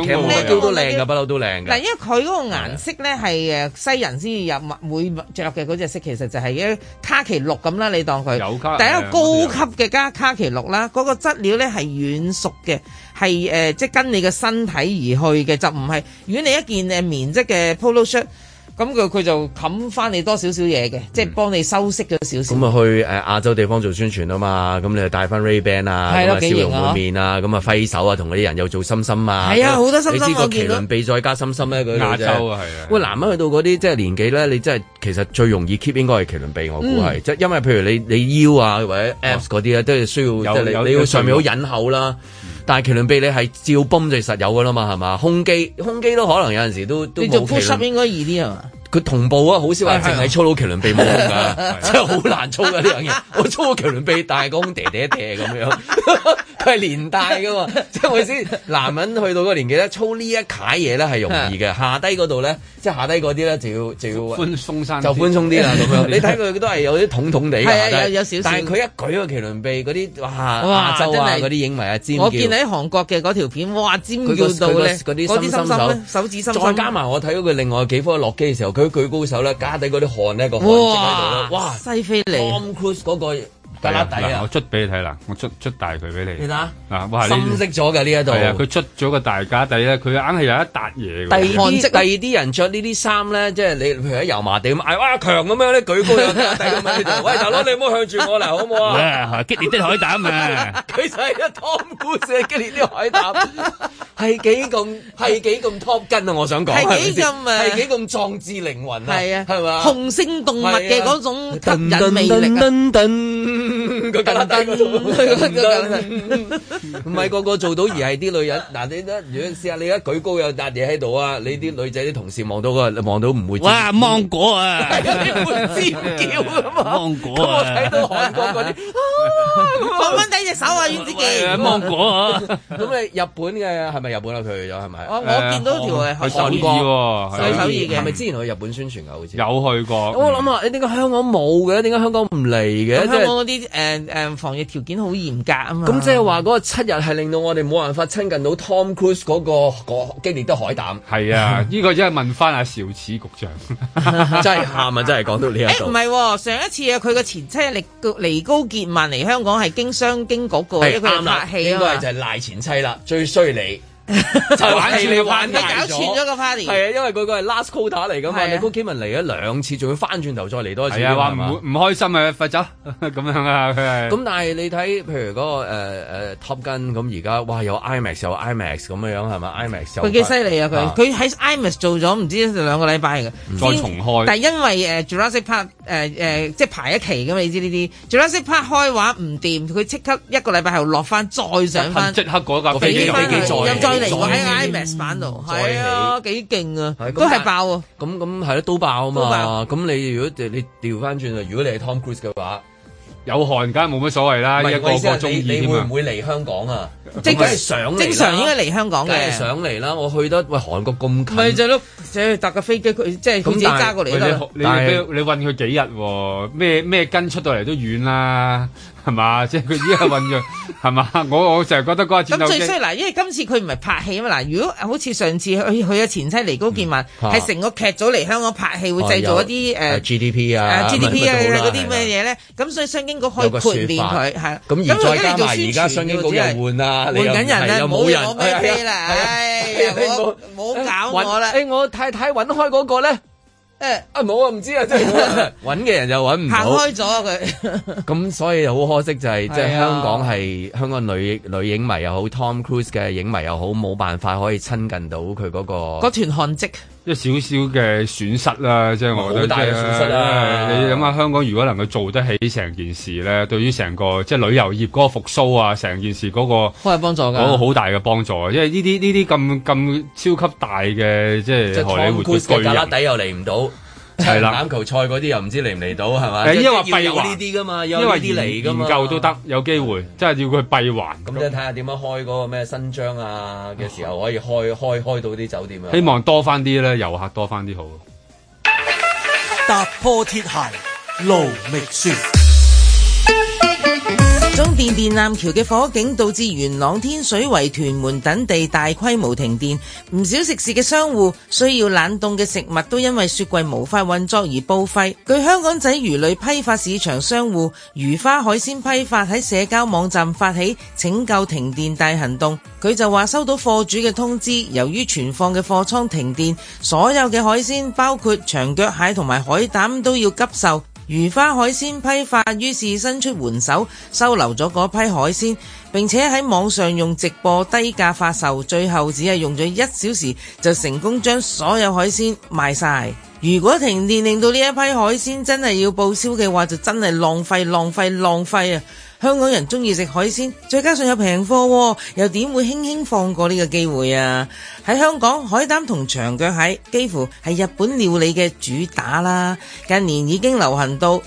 其實夢特嬌都靚噶，不嬲都靚。嗱，因為佢嗰個顏色咧係誒西人先至入物，會着嘅嗰隻色其實就係一卡其綠咁啦，你當佢。有級。但係一個高級嘅加卡其綠啦，嗰個質料咧係軟熟嘅，係誒即跟你嘅身體而去嘅，就唔係如果你一件誒棉質嘅 polo shirt。咁佢佢就冚翻你多少少嘢嘅，即係幫你修飾咗少少。咁啊去誒亞洲地方做宣傳啊嘛，咁你就帶翻 Ray Ban 啊，笑容滿面啊，咁啊揮手啊，同嗰啲人又做心心啊。係啊，好多心心。你知個麒麟臂再加心心咧，佢亞洲啊，係啊。喂，男人去到嗰啲即係年紀咧，你真係其實最容易 keep 應該係麒麟臂，我估係。即係因為譬如你你腰啊或者 abs 嗰啲咧，都係需要即係你你要上面好隱厚啦。但係麒麟臂你係照泵就實有嘅啦嘛，係嘛？胸肌，胸肌都可能有陣時都都冇。你做 pushup 應該易啲係嘛？佢同步啊，好少話淨係操到麒麟臂冇胸㗎， 真係好難操嘅呢樣嘢。我操麒麟臂，但係個胸嗲嗲嗲咁樣。佢係年代㗎嘛，即係我先，男人去到嗰個年紀咧，操呢一攤嘢咧係容易嘅，下低嗰度咧，即係下低嗰啲咧就要就要寬鬆啲，就寬鬆啲啦咁樣。你睇佢都係有啲筒筒地嘅，有少少，但係佢一舉個麒麟臂嗰啲，哇，亞洲啊嗰啲影迷啊尖。我見喺韓國嘅嗰條片，哇，尖叫到咧嗰啲心心手，手指心。再加埋我睇到佢另外幾科落機嘅時候，佢舉高手咧，加底嗰啲汗咧，個汗積喺度咯，哇西非尼。Tom Cruise 嗰個。架底啊！我出俾你睇啦，我出出大佢俾你。你睇下，哇！深色咗嘅呢一度。係啊，佢出咗個大架底咧，佢硬係有一笪嘢。第二啲第二啲人著呢啲衫咧，即係你譬如喺油麻地嗌哇強咁樣咧，舉高又低，低個尾度，喂大佬你唔好向住我啦，好唔好啊？激烈啲海膽啊！佢就係一湯古石激烈啲海膽，係幾咁係幾咁托筋啊！我想講係幾咁係幾咁壯志凌雲啊！係啊，係嘛？雄性動物嘅嗰種特異魅力啊！唔係個個做到，而係啲女人。嗱，你得咧，試下你而家舉高有笪嘢喺度啊！你啲女仔啲同事望到個，望到唔會哇芒果啊，會尖叫啊嘛芒果啊，睇到韓國嗰啲，慢慢低隻手啊，袁子健。芒果啊，咁你日本嘅係咪日本啊？去咗係咪？我見到條係韓國，係手係咪之前去日本宣傳噶？好似有去過。我諗下，你點解香港冇嘅？點解香港唔嚟嘅？香港嗰啲。誒誒、啊啊，防疫條件好嚴格啊嘛，咁即係話嗰個七日係令到我哋冇辦法親近到 Tom Cruise 嗰、那個、那個經歷的海膽。係啊，呢 個真係問翻阿邵此局長，真係喊啊，真係講到呢一度。誒、欸，唔係、啊，上一次啊，佢個前妻妮歌潔曼嚟香港係經商經局嘅，是因為佢拍戲啊。啱啦，應該係就係賴前妻啦，最衰你。 就玩你嚟玩，搞串咗個 party。係啊，因為佢個係 last quarter 嚟噶嘛，是啊、你古天民嚟咗兩次，仲要翻轉頭再嚟多次，你啊，話唔唔開心咪、啊、快走咁 樣啊佢係。咁、嗯、但係你睇，譬如嗰、那個誒、呃 uh, Top Gun 咁而家，哇有 IMAX，有 IMAX 咁樣係咪 IMAX 佢幾犀利啊佢佢喺 IMAX 做咗唔知兩個禮拜㗎，再重開。但係因為誒、呃、Jurassic Park 誒、呃、誒即係排一期噶嘛，你知呢啲 Jurassic Park 開畫唔掂，佢即刻一個禮拜後落翻再上翻，即刻嗰架飛機飛機再。再喺 iMax 版度，係啊，幾勁啊，都係爆啊！咁咁係咯，都爆啊嘛！咁你如果你調翻轉啊，如果你係 Tom Cruise 嘅話，有韓梗冇乜所謂啦，一個個中意添啊！你會唔會嚟香港啊？正常，正常應該嚟香港嘅，想嚟啦！我去得喂，韓國咁近，咪就係咯，即係搭架飛機，佢即係自己揸過嚟都。你你你運佢幾日？咩咩跟出到嚟都遠啦！係嘛，即係佢依家運作，係嘛，我我成日覺得嗰下，咁最衰嗱，因為今次佢唔係拍戲啊嘛，嗱，如果好似上次佢嘅前妻尼高健文，係成個劇組嚟香港拍戲，會製造一啲誒 GDP 啊，GDP 啊，嗰啲咩嘢咧？咁所以商經局可以豁免佢，係咁。咁而家你做宣傳又換啦，嚟緊人啊。冇人咩啦，唉，冇搞我啦。誒，我太太揾開嗰個咧。誒啊，冇啊，唔知啊，即係揾嘅人又揾唔到，行開咗佢。咁 所以好可惜就係，係， 即係香港係香港女女影迷又好，Tom Cruise 嘅影迷又好，冇辦法可以親近到佢嗰、嗰個汗跡。一少少嘅損失啦，即係我覺得，大嘅損失啦你諗下香港如果能夠做得起成件事咧，對於成個即係旅遊業嗰個復甦啊，成件事嗰個，好有幫助，嗰個好大嘅幫助。啊。因為呢啲呢啲咁咁超級大嘅，即係，荷里活，事，家底又嚟唔到。係啦，籃球賽嗰啲又唔知嚟唔嚟到，係咪、？ 嗯？因為閉環呢啲噶嘛，因為啲嚟噶嘛，唔夠都得，有機會，即係要佢閉環。咁咧，睇下點樣開嗰個咩新張啊嘅時候，可以開開開到啲酒店啊。希望多翻啲咧，遊客多翻啲好。踏破鐵鞋路未熟。中電電纜橋嘅火警導致元朗、天水圍、屯門等地大規模停電，唔少食肆嘅商戶需要冷凍嘅食物都因為雪櫃無法運作而報廢。據香港仔魚類批發市場商戶魚花海鮮批發喺社交網站發起拯救停電大行動，佢就話收到貨主嘅通知，由於存放嘅貨倉停電，所有嘅海鮮包括長腳蟹同埋海膽都要急售。魚花海鮮批發於是伸出援手，收留咗嗰批海鮮，並且喺網上用直播低價發售，最後只係用咗一小時就成功將所有海鮮賣晒。如果停電令到呢一批海鮮真係要報銷嘅話，就真係浪，浪，浪，浪費、浪費、浪費啊！香港人鍾意食海鮮，再加上有平貨啊，又點會輕輕放過呢個機會啊！喺香港，海膽同長腳蟹幾乎係日本料理嘅主打啦。近年已經流行到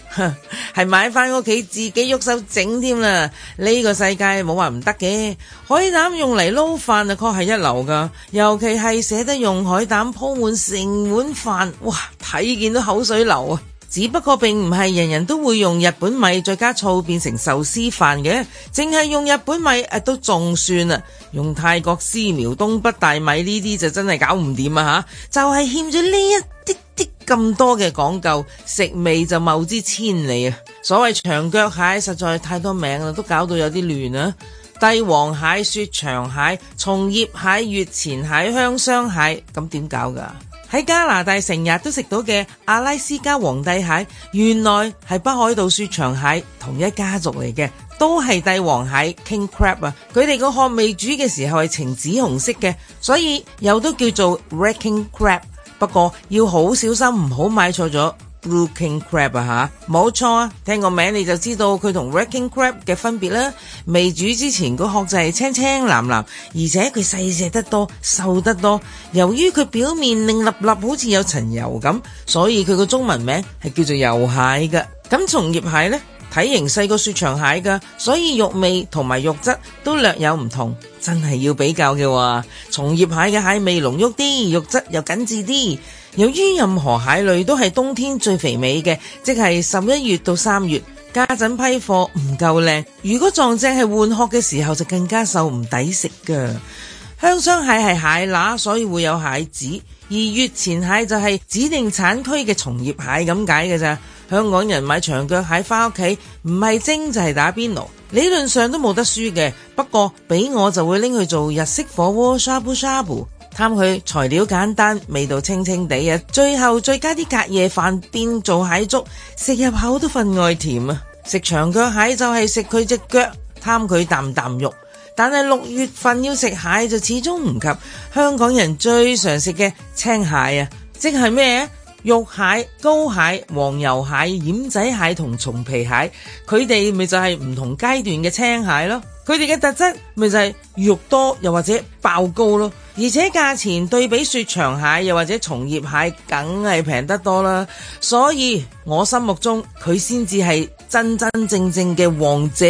係買翻屋企自己喐手整添啦。呢個世界冇話唔得嘅，海膽用嚟撈飯啊確係一流噶，尤其係捨得用海膽鋪鋪滿成碗飯，哇！睇見都口水流啊！只不過並唔係人人都會用日本米再加醋變成壽司飯嘅，淨係用日本米誒、啊、都仲算啦，用泰國絲苗、東北大米呢啲就真係搞唔掂啊吓！就係、是、欠咗呢一啲啲咁多嘅講究，食味就謬之千里啊！所謂長腳蟹實在太多名啦，都搞到有啲亂啦。帝王蟹、雪長蟹、松葉蟹、越前蟹、香香蟹，咁點搞噶？喺加拿大成日都食到嘅阿拉斯加皇帝蟹，原來係北海道雪場蟹同一家族嚟嘅，都係帝王蟹 King Crab 啊！佢哋個殼未煮嘅時候係呈紫紅色嘅，所以又都叫做 Red King Crab。不過要好小心，唔好買錯咗。Blue King Crab 啊吓，冇錯啊，聽個名你就知道佢同 Red King Crab 嘅分別啦。未煮之前個殼就係青青藍藍，而且佢細隻得多，瘦得多。由於佢表面令粒粒好似有層油咁，所以佢個中文名係叫做油蟹嘅。咁松葉蟹呢，體型細過雪長蟹噶，所以肉味同埋肉質都略有唔同，真係要比較嘅話，松葉蟹嘅蟹味濃郁啲，肉質又緊致啲。由於任何蟹類都係冬天最肥美嘅，即係十一月到三月，家陣批貨唔夠靚。如果撞正係換殼嘅時候，就更加瘦唔抵食㗎。香雙蟹係蟹乸，所以會有蟹籽。而月前蟹就係指定產區嘅松葉蟹咁解嘅咋。香港人買長腳蟹翻屋企，唔係蒸就係、是、打邊爐，理論上都冇得輸嘅。不過俾我就會拎去做日式火鍋沙布沙布。貪佢材料簡單，味道清清地啊！最後再加啲隔夜飯變做蟹粥，食入口都份外甜啊！食長腳蟹就係食佢隻腳，貪佢啖啖肉。但係六月份要食蟹就始終唔及香港人最常食嘅青蟹啊！即係咩？肉蟹、膏蟹、黃油蟹、奄仔蟹同鬆皮蟹，佢哋咪就係唔同階段嘅青蟹咯。佢哋嘅特質咪就係肉多，又或者爆膏咯。而且價錢對比雪長蟹，又或者松葉蟹，梗係平得多啦。所以我心目中佢先至係真真正正嘅王者。